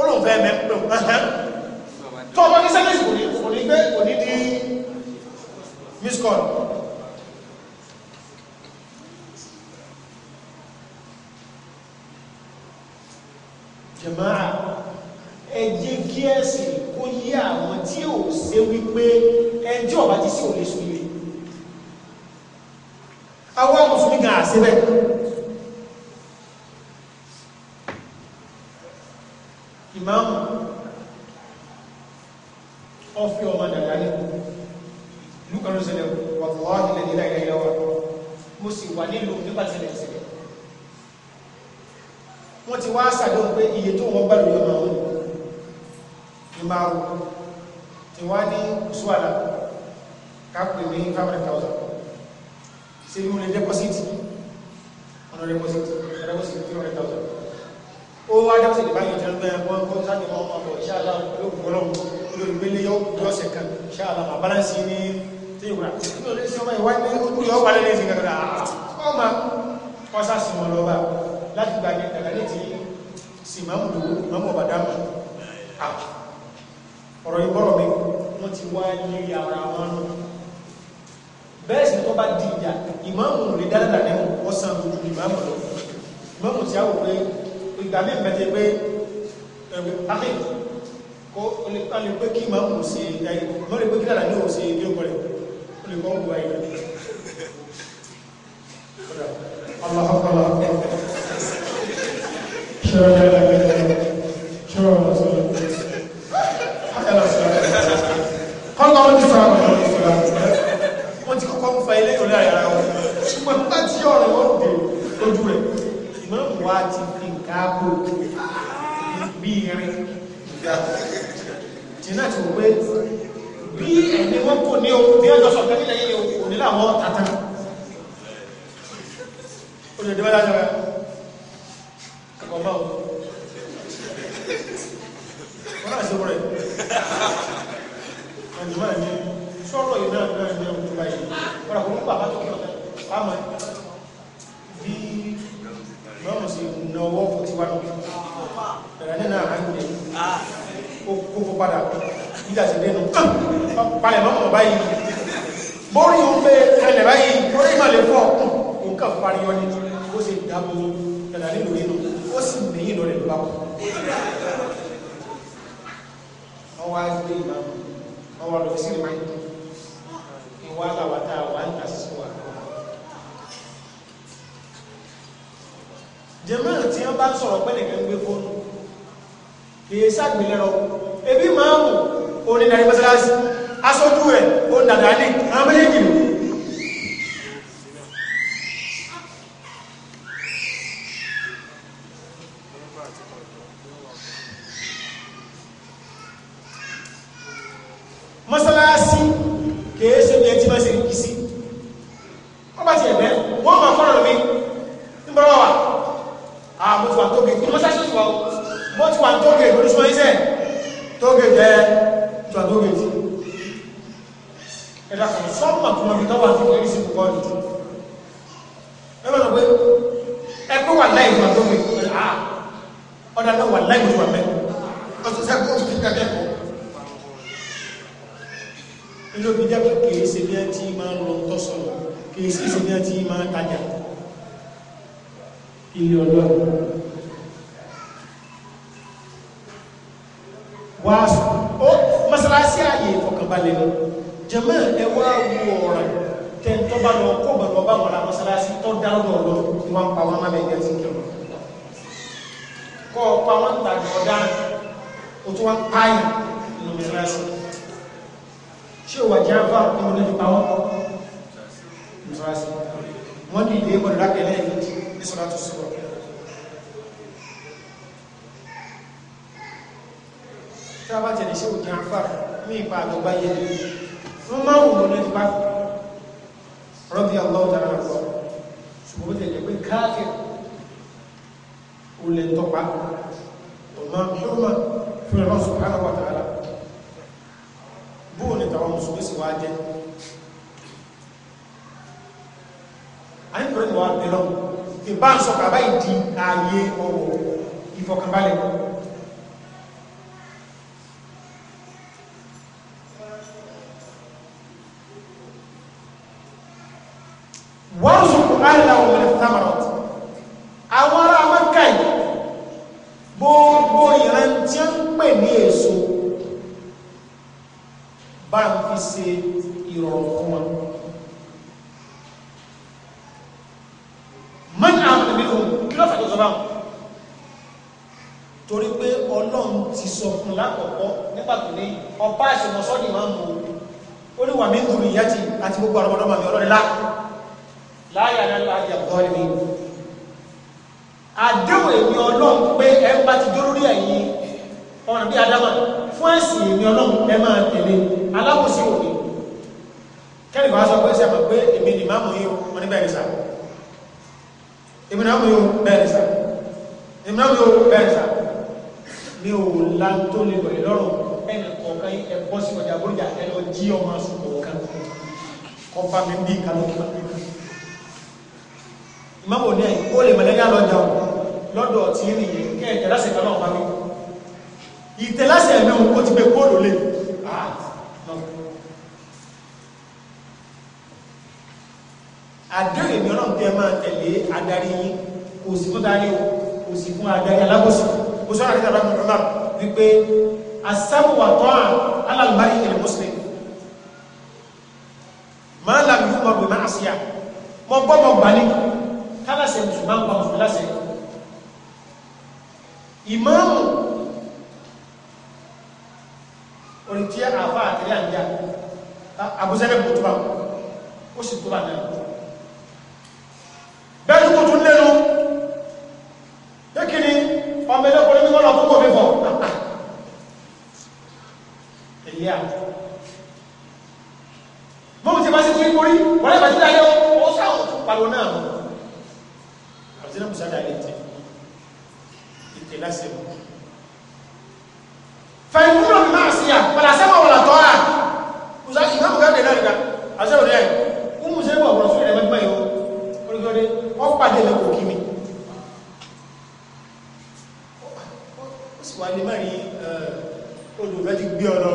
ó lòun fẹ́ mẹ́pẹ́ tó ọmọ ní sẹ́lẹ̀sì kò ní gbé kò ní di miss call bẹ̀rẹ̀ náà máa ń gbé kókó padà nígbà tí dénú palẹ̀ mọ́ mọ̀ báyìí bórí ń pé ẹlẹ̀ báyìí orí ìmọ̀lẹ̀ fọ́ nǹkan parí ni ó sì dábò ẹ̀dà nínú inú ó sì mẹ́yìn lọ rẹ̀ ló bá kọ́ ọwọ́ agbé ìmọ̀ ọwọ́ lọ sí ìmọ̀ ìwọ́ aláwàtà wà ń tà sí wa jẹ́mọ́ tí wọ́n bá ń sọ̀rọ̀ pẹ́lẹ̀ kan gbé fóònù kìí sàgbélẹ̀rọ ebi máa mú onídàrí mọ́sálásí aṣojú ẹ̀ onídàrí àwọn méjèèjì mú Lord. sọ fún lákọ̀ọ́kọ́ nípa tó ní ọ̀pá ìṣòmọ̀sọ́ ni máa ń mú ó ní wà mí ń dùn ìyá jì àti gbogbo àwọn lá láyà náà láyà àbúkọ́ ni mi àdéhùn èmi ọlọ́run pé ẹ ń bá yóò bẹ́ẹ̀ sáà mi ò la tó lè bẹ̀rẹ̀ lọ́rọ̀ ẹnì kọ̀ọ̀kan yìí ẹ bọ́ sí ọjà bóríjà ẹ lọ jí ọmọ asùnkọ̀ kan kọ́ bá mi bí nǹkan lọ́kọ́ mi kan. ìmọ̀mọ̀ ní ẹ̀ ó lè mọ̀lẹ́yà lọ́jà o lọ́dọ̀ tí ń nìyẹn kí ẹ̀ tẹ̀láṣẹ̀ kan náà bá mi. ìtẹ̀láṣẹ̀ mi ò ti gbé kóòlù lé. Ah, àdéhùn ìmíràn tẹ máa tẹ̀lé adarí yín kò sí fún darí o kò sí fún adarí alábòsí gbogbo sọ́rọ̀ àti àbámu ọmọ wípé asáwùwà tọ́à alàlùbárí ilẹ̀ muslim máa làbí fún ọgbẹ̀ máa sí à mọ́ gbọ́mọ̀ gbà ní kálàsẹ̀ musulman gbà musulman lásẹ̀ ìmáàmù orí tí àfá àtẹ́lẹ̀ àjá àbúzẹ́rẹ́ bó ó sì tó bá náà bẹ́ẹ̀ ọmọ ẹlẹ́kọ̀ọ́ ní kọ́nà tó kò fífọ́ ẹ̀yà mọ́ ti bá sí tó ń borí wọ́n lẹ́bàá sí láyé ó sáwọn tó pariwo náà mọ́ àti náà musa dáa lè tẹ̀ ìtẹ̀ lásẹ̀ mọ́ fẹ̀yìnkúrò ní máa sí à pàlàsẹ́mọ̀ wọ̀là tọ́ à musa ìgbàmùgbà dẹ̀ náà rí wàlímọ̀rì olùfẹ́ ti gbé ọ̀rọ̀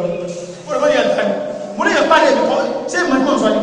olùfẹ́ ti àdáni mo lè yẹ pàdé ẹ̀mí kọ́ ṣé ìmọ̀ ìmọ̀ sọ ni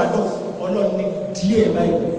gbádùn ọlọ́run ní díẹ̀ báyìí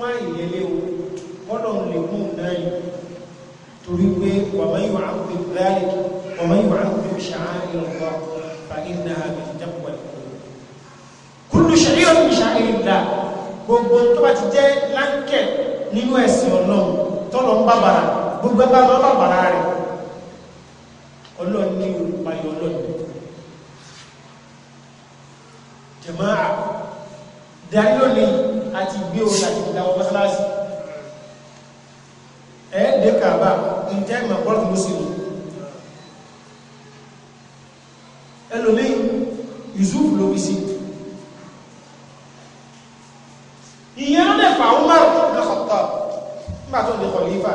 má ìyẹlé o kọ́lọ̀ ń lè mú náà yìí torí pé wàmọ́ yóò á fi bẹ́ẹ̀lì wàmọ́ yóò á fi ṣàárẹ̀ lọ́wọ́ fàgínà àbí ìjàpọ̀ ẹ̀kọ́ kúlù ṣẹlẹ̀ yóò fi ṣàárẹ̀ dà gbogbo tó bá ti jẹ́ láńkẹ̀ nínú ẹ̀sìn ọlọ́run tọ́lọ ń bàbàrà gbogbo ẹgbẹ́ lọ bàbàrà rẹ̀ ọlọ́run ní olùpayọ̀ ọlọ́run àti gbé orí àti ìdáwọ́ mọ́sálásì ẹ̀ẹ́dẹ́ kàbá ǹjẹ́ ìmọ̀ pọ́lù mùsùlùmí ẹlòmí yusuf ló bí sí ìyẹn ló dẹ̀ fà Umar ibn Khattab nígbà tó ń di kọ̀lífà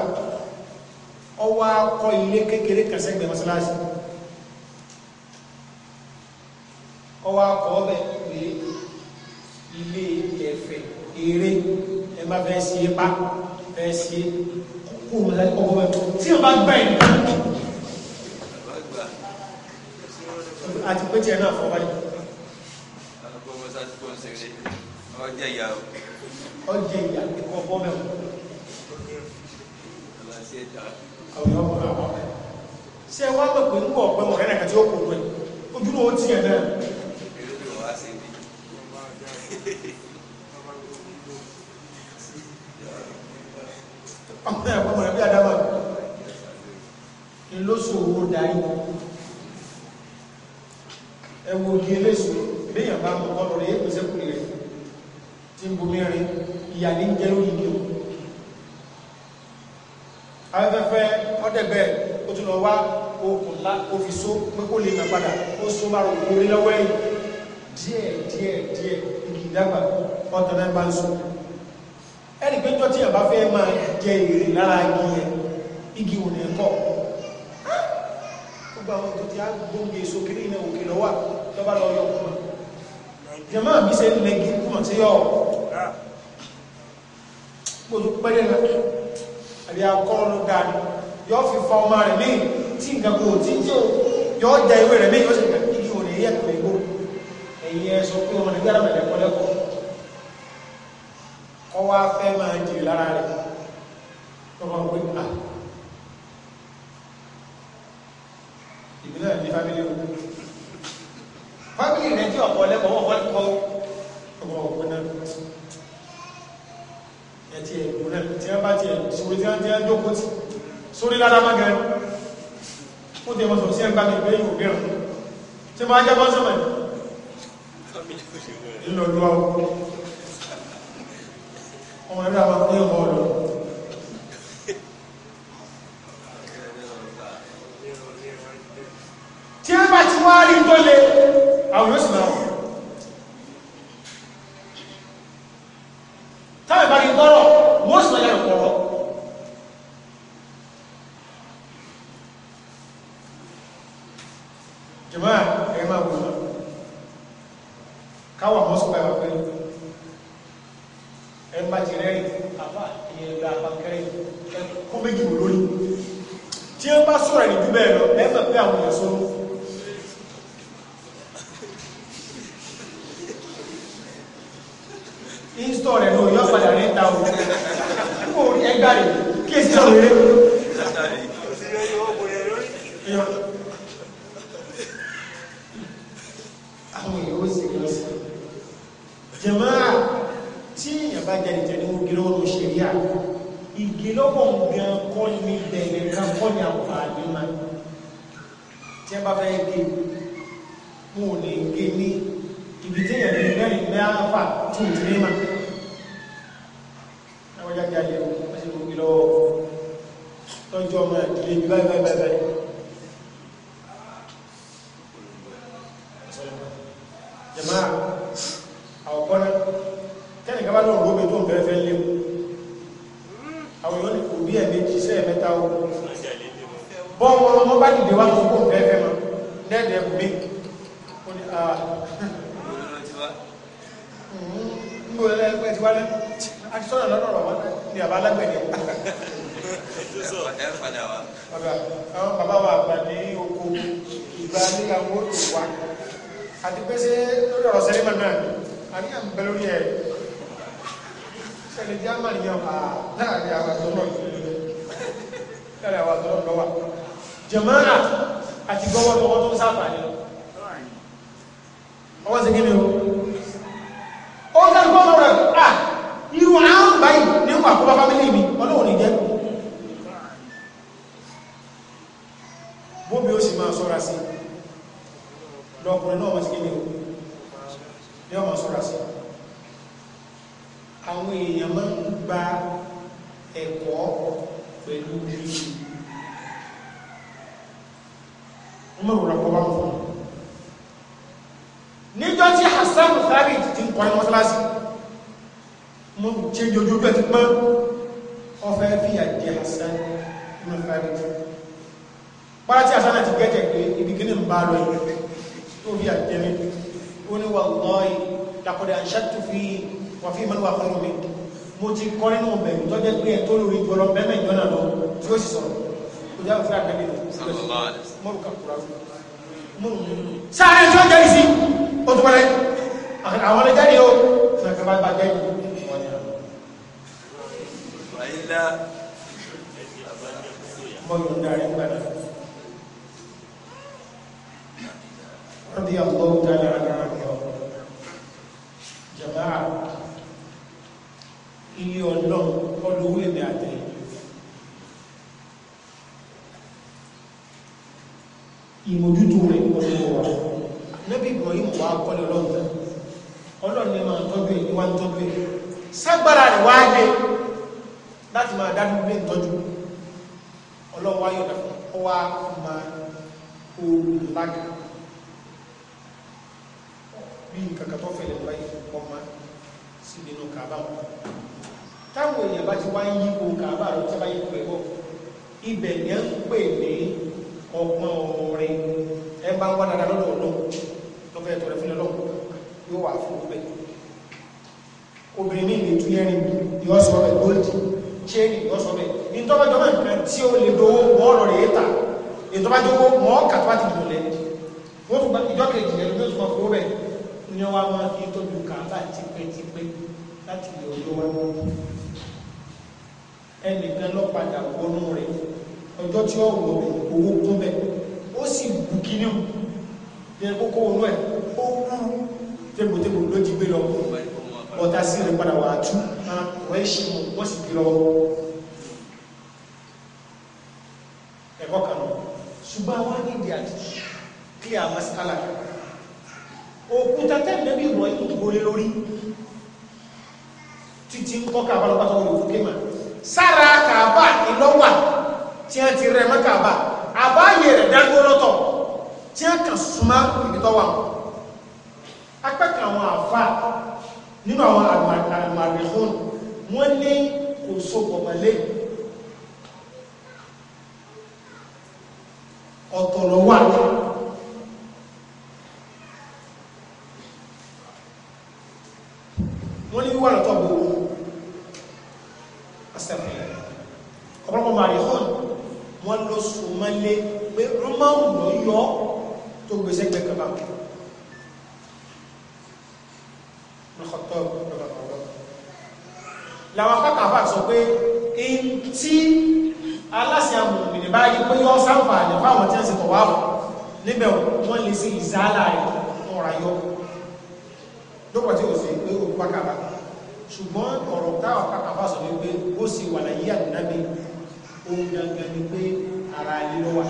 ọwọ́ akọ ilé kékeré kẹsẹ́gbẹ̀ mọ́sálásì ilé ẹ̀fẹ̀ eré ẹ má fẹ́ sí ipá fẹ́ sí kókó mọ̀lẹ́ kọ́kọ́ bẹ́ẹ̀ tí o bá gbà ẹ̀ nìkan. àti pé tiẹ̀ náà fọ́ wáyé. ọjà ìyá ọjà ìyá kọ́ bọ́ mẹ́wọ̀. àwòrán ọmọ àwọn ọmọ ṣé wàá gbọ́ ń bọ̀ pé mọ̀rẹ́ nàkàtí ó kò wẹ̀ ojúlówó tiẹ̀ náà. àwọn ẹ̀kọ́ mọ̀rẹ́ bí àdámà ni ló ṣòwò darí wọn ẹwọ ogi eléṣù léyàn bá mọ ọlọ rẹ èpè sẹkùnrin rẹ tí ń bomi rin ìyà ní jẹ lórí igi o afẹ́fẹ́ ọ̀dẹ̀gbẹ́ ó tún lọ wá okùn lá ó fi so pé kó lè nà padà ó so máa rò wọlé lọ́wọ́ ẹ̀yìn díẹ̀ díẹ̀ díẹ̀ igi ìdàgbà ọ̀tọ̀ náà bá ń sọ ẹni pé jọ́ tí yàrá fẹ́ máa jẹ èrè lára igi yẹn igi ò ní kọ́ gbogbo àwọn ètò tí a gbóngbé sókèrè iná òkè lọ́wà lọ́bá lọ yọ kúmọ̀ jẹmọ́ àbí ṣe ń lẹ́gí kúmọ̀ sí yọ gbogbo pẹ́lẹ́ náà àbí akọ́rọ̀ ló ga ni yọ fi fa ọmọ rẹ̀ mí tí nǹkan kò tí tí yọ ja ìwé rẹ̀ mí yọ sì gbà igi ò ní yẹ kò ní gbó ẹ̀yin ẹ sọ pé ọmọ nígbà rẹ̀ mẹ̀lẹ́kọ́lẹ́kọ́ ọwọ́ afẹ́ máa jì lára rẹ̀ tọ́wọ́ pé à ìbílẹ̀ ní fámílì o fámílì rẹ̀ tí ọ̀pọ̀ lẹ́kọ̀ọ́ wọ́n kọ́ ọmọ ògùn náà ẹ̀tì ẹ̀gbùn náà tí wọ́n bá ti ẹ̀ sórí tí wọ́n ti ẹ̀ jókòó tì sórí lára má gan ó ti mọ̀ sọ̀rọ̀ sí ẹgbà mi pé yóò gẹ̀rọ tí máa jẹ́ bọ́sọ̀mọ̀ ìlọ́lọ́wọ́ ọmọ ẹgbẹ́ àwọn ọmọdé ọmọ ọdún tí a bá ti wá rí tó le àwọn yóò sì máa ìdí àmàlìyàn ah, àtàrí àwàtọ́nà ìrẹ́ àwàtọ́nà lọ́wà jẹ̀mọ́nà àti gọ́wọ́ lọ́wọ́ tó sáfà ní ọwọ́ sí gíní o ó tẹ́ gbọ́mọ̀ rẹ̀ à ah, irú àrùn báyìí ní wà kó bá fámílì mi ọlọ́wọ́ ní jẹ́ bóbi ó sì máa sọ́ra sí lọ́kùnrin náà wọ́n sí gíní o ní ọmọ sọ́ra sí gba ẹ̀kọ́ pẹ̀lú bíríkì wọ́n mọ̀ rọ̀pọ̀ wá fún un níjọ́ tí Hassan Thabit ti ń kọ́ ní mọ́sálásí mo ṣe jojú bẹ́ẹ̀ ti pọ́n ọfẹ́ fìyà jẹ Hassan Thabit pàtí Hassan àti gẹ́jẹ̀ pé ibi kí ní ń bá lọ ìwé tó fìyà jẹ mi ó ní wà lọ́ọ̀ì lakọ̀dẹ̀ àṣàtúfì wà fí mọ́lúwà fún mi mo ti kọ́ nínú bẹ̀rù tó jẹ́ pé ẹ̀ tó lórí jọlọ bẹ́ẹ̀ jọ́nà lọ tí ó sì sọ̀rọ̀ kò jẹ́ òfin àgbẹ̀bí lọ mọ́rù kàkúrà sáré tó jẹ́ ìsí o tó pẹ́lẹ́ àwọn ọlẹ́jáde o fún ẹ̀kẹ́ bá gbàgbẹ́ mọ́yún darí padà rọ́bí àwọn ọ̀gá dára jama'a iye ọlọ́run ọlọ́wọ́ èmi àtẹ̀yìn ìmójútó rẹ̀ ọlọ́wọ́ wa nẹ́bí Ibrahim wà kọ́lẹ̀ ọlọ́run ọlọ́run ni máa tọ́jú èyí wá ń tọ́jú èyí ságbára rẹ̀ wá gbé láti máa dájú pé ìtọ́jú ọlọ́run wá yọ̀dà fún ọ wá máa ooru lága bí nǹkan kan tó fẹ̀lẹ̀ báyìí ọmọ sí nínú kàbá wọn táwọn èèyàn bá ti wá ń yípo kàbá tí a bá yípo ẹ̀kọ́ ibẹ̀ ni a ń pè ní ọgbọ́n ọ̀rẹ́ ẹ bá ń wá dáadáa lọ́dọ̀ ọlọ́run lọ́fẹ́ ẹ̀tọ́ rẹ̀ fún ọlọ́run yóò wà fún ọbẹ̀ obìnrin ní ìlú túyẹ́rin ni wọ́n sọ rẹ̀ gold chain ni wọ́n sọ rẹ̀ ìtọ́bàjọ́ mọ̀ nǹkan tí ó lè dowó mọ́ ọ̀rọ̀ rẹ̀ ta ìtọ́bàjọ́ mọ́ ọ̀kà bá ti dùn lẹ̀ wọ́n fún ìjọ́ kejì ẹ̀lú yóò tún mọ̀ fún ni wọ́n máa fi tóbi kàmbá tipẹ́tipẹ́ láti lè ọjọ́ wa ẹnìkan lọ padà wọnú rẹ̀ ọjọ́ tí ó wọ̀ bẹ̀ owó kún bẹ̀ ó sì bù kíní o ní ẹ kókó wọnú ẹ̀ ó wú tẹ́gbọ̀tẹ́gbọ̀ ló ti gbé lọ ọ̀tá sí rẹ̀ padà wà á tú wọ́n ṣe wọ́n sì gbé lọ ẹ̀kọ́ kan lọ ṣùgbọ́n wọ́n nídìí àti kí a masala kan òkúta tẹ́lẹ̀bí ìwọ̀n yìí tó gbólé lórí títí ń kọ́ kàbá lọ́pàá tó wọlé òkúké mà sára kàbá ìlọ́wà tí a ti rẹ̀ mọ́ kàbá àbáyé rẹ̀ dágbó lọ́tọ̀ tí a kàn súnmá ìbítọ́wà apẹ́kàn àwọn àfà nínú àwọn àmàrẹ̀hún wọ́n ní kò so pọ̀mọ́lé ọ̀tọ̀lọ́wà yọ tó gbèsè gbẹ kaba lọ́kọ̀tọ́ lọ́kọ̀tọ́ làwọn apákan àbá sọ pé in tí aláṣẹ amòmìnir báyìí pé yọ sáfà ní fáwọn tí wọ́n sì tọ̀wá fún níbẹ̀ wọ́n lè sí ìzálà ọ̀rà yọ lọ́pọ̀ tí ó sì pé ó pákàbà ṣùgbọ́n ọ̀rọ̀ táwọn pákàbà sọ wípé ó sì wà láyé àdínábì ohun gangan ni pé ara ilé lọ́wọ́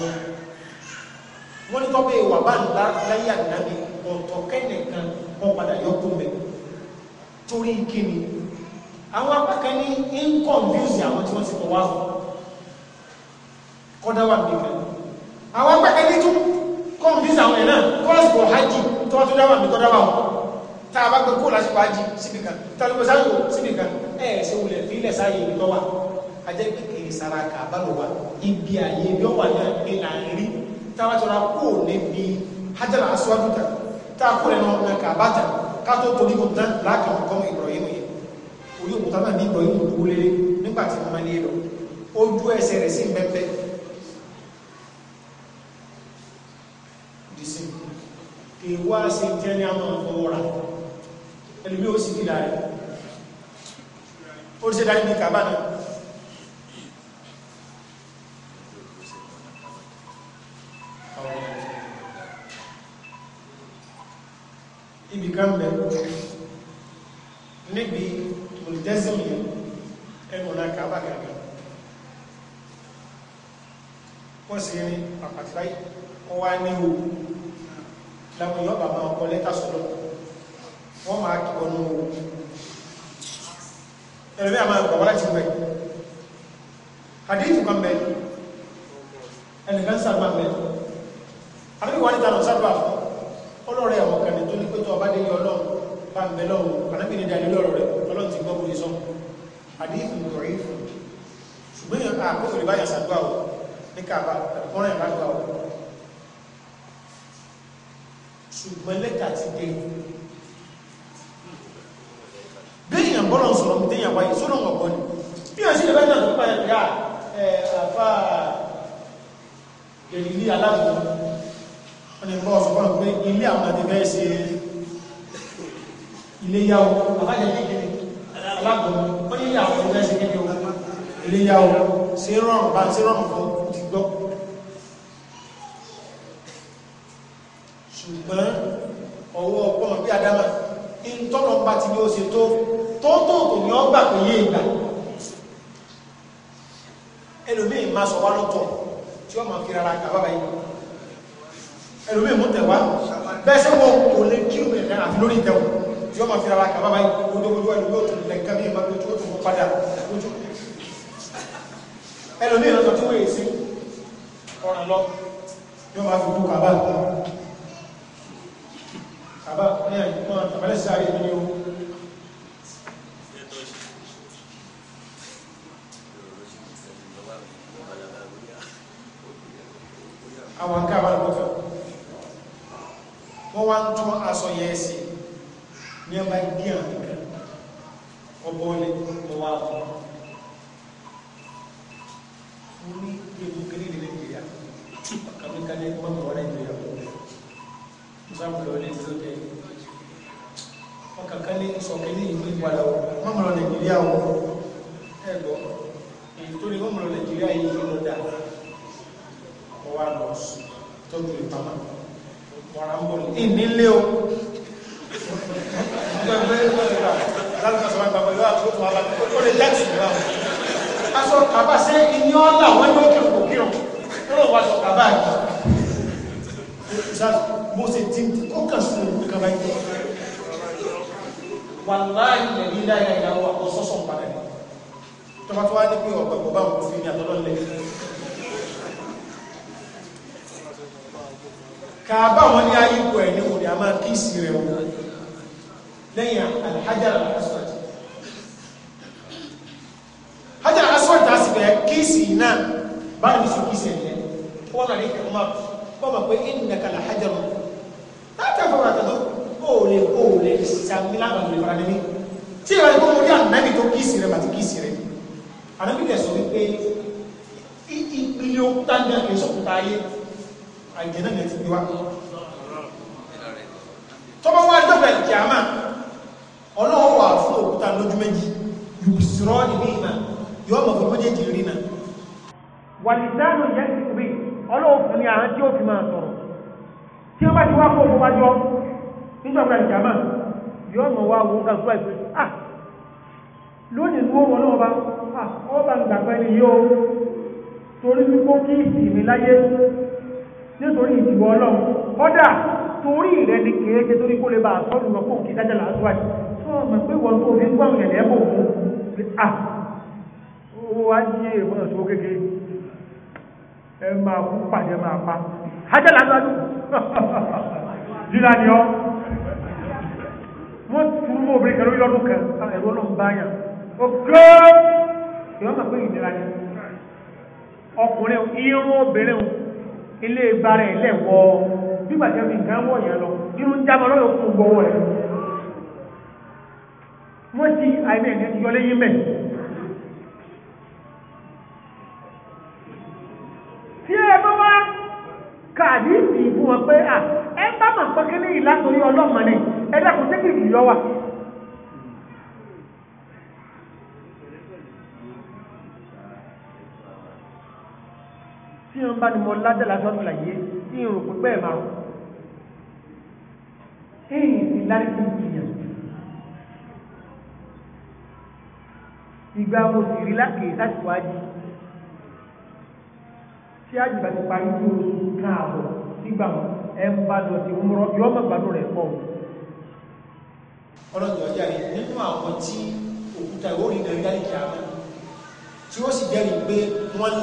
wọ́n ní tọ́pẹ́ ìwà bá ń lá láyé ànábi ọ̀tọ̀ kẹ́nìkan wọ́n padà yọkú mẹ́ torí kíni àwọn apákan ní inconfuse àwọn tí wọ́n ti pọ̀ wá fún kọ́dá wà nìkan àwọn apákan ní tún confuse àwọn ẹ̀ náà cause for hajj tó wá tó dá wà ní kọ́dá wà fún tá a bá gbé kó lásìkò hajj síbi kan tàbí sáyò síbi kan ẹ̀ ẹ̀ ṣe wulẹ̀ fílẹ̀ sáyè ìlú lọ́wà ajẹ́ kékeré sara kà wa ibi àyè lọ́wà náà ní à táwa tọ́ra kó níbi hajjara aṣọ́jú tán tá a kó lẹ́nu ọ̀nà kàbátà ká tó torí mo tán láàkàn kọ́ Ibrahim yẹn orí òkúta náà ní Ibrahim dúró lélẹ̀ nígbà tí mo máa ní lọ ojú ẹsẹ̀ rẹ̀ sí mbẹ́mbẹ́ dìsìn kì í wá sí jẹ́ ní àwọn ọ̀fọwọ́ rà ẹlòmí ó sì nílà rẹ̀ ó ṣe dájú ní kàbá náà ibi kan bẹ̀ níbi tòlítẹ́sìn yẹn ẹnu náà kábà gàgà wọ́n sì rin pàpàtì láì wọ́n wá ní o làwọn èèyàn bàbá ọkọ lẹ́tà sọ́dọ̀ wọ́n máa kí ọ̀nà o ẹ̀rẹ́bí àmà bàbá láti wẹ̀ àdéhùn kan bẹ̀ ẹnìkan sábà bẹ̀ àdéhùn wà níta lọ sábà ọlọ́rẹ̀ ọ̀kẹ́ pé tó ọba délé ọlọ́run bá ń bẹ lọ́wọ́ ànábì ní dalẹ́ lọ́rọ̀ rẹ̀ ọlọ́run ti gbọ́ bóyí sọ àdéhùn lórí fún ṣùgbọ́n àkókò lè báyà sàdúrà o ní kàbá ẹ̀kọ́rọ̀ ẹ̀ lágbà o ṣùgbọ́n lẹ́tà ti dé béèyàn bọ́lọ̀ sọ̀rọ̀ mi téèyàn wáyé sọ́nà ọ̀gbọ́n ni bí wọ́n sì lè bá náà tó bá yà ẹ̀ àfa èrìlí aláàbò wọn ni bọ́ọ̀sù bọ́ọ̀ pé ilé àwọn àti bẹ́ẹ̀ ṣe iléyà o àbájá kékeré alágbó ó ní ìyàwó ọ̀gá ẹsẹ̀ kékeré o iléyà o ṣe rọrùn bá ṣe rọrùn fún ó ti gbọ́. ṣùgbọ́n ọwọ́ ọgbọ́n bí adama ìtọ́nà bá ti ní ó ṣe tó tó tó kò ní ọgbà kò yé ìgbà ẹlòmíì máa sọ wá lọ́tọ̀ tí ó máa fi rárá gbà bábá yìí ẹlòmíì mú tẹ̀wá bẹ́ẹ̀ sẹ́wọ̀n kò lè kírù mẹ́rin àfi lórí ìtẹ̀wọ̀n tí ó máa fi ara kàbá báyìí ojú ẹni yóò tún lẹ nǹkan bí ìmọ̀ ojú ó tún padà ojú ẹlòmí ìrọ̀tọ̀ tí wọ́n yè sí ọ̀ràn lọ yóò máa fi kú kàbá kàbá ní àyíkọ́ àtàbálẹ́sì ààrẹ mi ni ó àwọn nǹkan àbálẹ̀ wọ́n wá ń tún aṣọ yẹn sí ní ọba dín àkàkà ọbọ ọlẹ ọwọ àwọn mo ní ewu kéde ní nàìjíríà kàmí kálí mọ́tò wọn nàìjíríà kò wọlé musamman lọ ní ìdílé ọkà kálí sọ̀kẹ́ ní ìlú ìwàlá o mọ́mọ́ lọ nàìjíríà o ẹ gbọ́ èyí tó ní mọ́mọ́ lọ nàìjíríà yìí ló dà ọwọ́ àná tọ́jú ìpamọ́ wàrà ń bọ̀ ní ìnílé o aṣọ kaba ṣe iní ọ̀la wọn yóò kí òkú kí òkú tó lọ wọ aṣọ kaba yìí mo ṣe tí ó kàn sí òkú kaba yìí wà láàyè ẹ̀mí láyà ìyàwó àkọsọ́sọ̀ padà yìí tó bá tó wá ní pé ọ̀pọ̀ ìgbọ̀ bá wọn kò fi ní àtọ́lọ́lẹ̀ kàbá wọn ní ayé ipò ẹ̀ ní òní a máa kí sí rẹ̀ wọn lẹ́yìn alhajar al-aswad hajar al-aswad ta sì bẹ̀ kíìsì náà bá ní sọ kíìsì ẹ̀yẹ wọ́n náà ní kí ọmọ wọ́n mọ̀ pé innaka alhajar láti ọ̀fọ̀ àtàtọ̀ ó lè ó lè sàmì lábàá lè fara nílé tí ìwà ìgbọ́n orí ànábì tó kíìsì rẹ̀ bàtí kíìsì rẹ̀ kìí sọ̀kúta ọlọ́wọ́ fún òkúta lójú méjì yùsùrọ́ ìlú ìmá yóò mọ̀ fún méjèèjì rí náà wàlìdánù yẹ́ ti rí ọlọ́wọ́ fún ní àwọn ó fi máa sọ̀rọ̀ tí wọ́n bá ti wá kó wájọ́ nígbàgbà ìjàmà yóò mọ̀ wá ah, lónìí ní náà bá ah, bá torí wípó kí torí ìrẹ́ni torí kó lè ọmọ pé wọ́n tó fi ń gbọ́ ìrìn ẹ̀bọ̀ fún à ó wá ní èèmọ̀ tó kékeré ẹ máa kú pàdé ọkùnrin irun obìnrin ilé ìbára ilẹ̀ wọ bí gbàjẹ́ mi nǹkan wọ̀nyẹn lọ irun jábọ̀ lọ́yọ̀ fún gbọ́wọ́ rẹ̀ wọ́n ti àìmẹ́ ẹ̀dẹ́ ti yọlé yín mẹ́ tí ẹ bá wá kàdí ìbú wọn pé à ẹ bá mà pọ́kẹ́ ní ìlàtòrí ọlọ́mọ ni ẹ dákun sí kìkì yọ wà tí wọ́n bá ní mọ ládẹ́ lásán láyé tí ìrùn pípẹ́ márùn-ún èyí ìlàrí kìkì ìgbà mo sì rí lákè láti wájú tí àjìbá ti parí ní oṣù káàbọ̀ sígbà ẹ ń bá lọ sí múrọ yọ ọmọ gbádùn rẹ pọ̀ ọlọ́dún ọjà rẹ nínú àwọn tí òkúta ìwórí náà yá ìjà rẹ tí ó sì jẹ́rìí pé wọ́n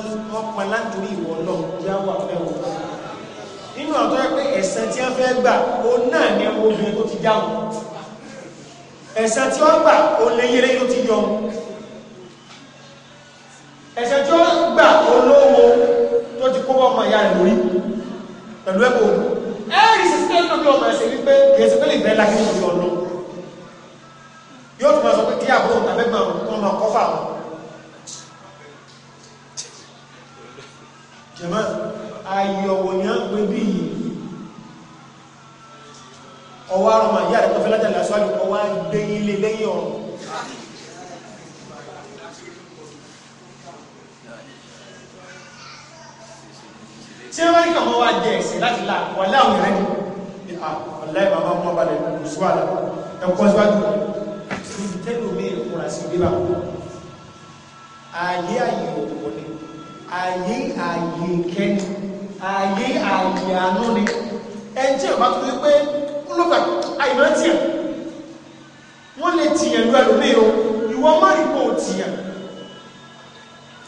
pa látòrí ìwọ náà yá wà fẹ́wọ̀n nínú àwọn tó yẹ pé ẹ̀sẹ̀ tí wọ́n fẹ́ gbà ó náà ní obìnrin tó ti dáhùn ẹ̀sẹ̀ tí wọ́n gbà ó lé yẹlẹ́yìn tó ti yọ ẹ̀ṣẹ̀ tí ó gbà olówó tó ti kó bọ́ọ̀mọ̀ ìyá rẹ̀ lórí pẹ̀lú ẹ̀kọ́ ẹ̀rí sí sílẹ̀ lórí ọmọ ẹ̀ṣẹ̀ wípé kèsì pé lè bẹ́ẹ̀ lákì ní ìlú ọ̀nà yóò tún máa sọ pé kí àbúrò tàbẹ́gbọ̀n ọmọ kọfà wọn jẹ̀mọ́ ayọ̀wò yẹn ń pè bí ọwọ́ àrùn màá yára tó fẹ́ látàlá sọ́ọ́lù ọwọ́ àgbẹ̀yìn lé lẹ́yìn ọ̀rùn ṣé wọ́n ní kàwọn wá jẹ ẹ̀sẹ̀ láti la wà láwọn ìrẹ́ ni ọ̀láì ah, bàbá ọmọ balẹ̀ kò sí wàhálà ẹ̀kọ́ síwájú tẹ́lómi ìkúra sí bíbá ààyè ààyè òkòkò ni ààyè ààyè kẹ́ni ààyè ààyè àánú ni ẹni tí ìbá tó ti pé olùkà àìmọ́ tiẹ̀ wọ́n lè tìyàn lu ẹlòmíì o ìwọ má rí pò tìyàn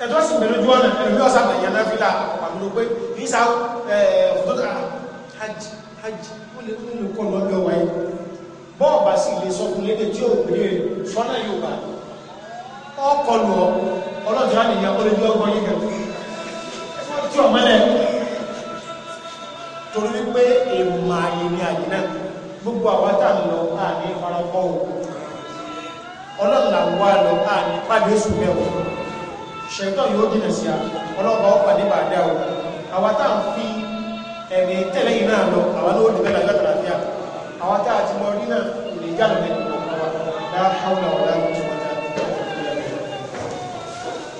ẹ̀tọ́ sì bẹ̀rẹ̀ ojú ọ̀nà ẹ̀rọ yóò sábà yẹn náà fílà àmúlò pé kì í sá ọ̀tọ́ hajj hajj ó lè kó lè kọ́ lọ́jọ́ wáyé bọ́ọ̀bà sì lè sọ fún léde tí ó bèrè sọ́nà Yorùbá ọkọ̀ lọ ọlọ́jọ́ àníyàn ó lè jẹ́ ọgbọ́n yìí kẹ́kọ̀ọ́ tí ọmọ lẹ torí wípé èèmọ̀ ààyè ni àyè náà gbogbo àwọn tá à ń lọ àní farakọ́ ọlọ́run làwọn wá lọ àní pàdé sùn mẹ́wọ̀ọ́ ṣẹ̀tọ́ yóò jìnà sí a ọlọ́ọ̀bá ó pàdé bá dá o àwa tá à ń fi ẹ̀mí tẹ̀lé yìí náà lọ àwa ló dìbẹ́ làgbàtàlàfíà àwa tá à ti lọ rí náà ìrìnjà lọ́dẹ̀ nínú wa láhàúlà ọ̀làwọ̀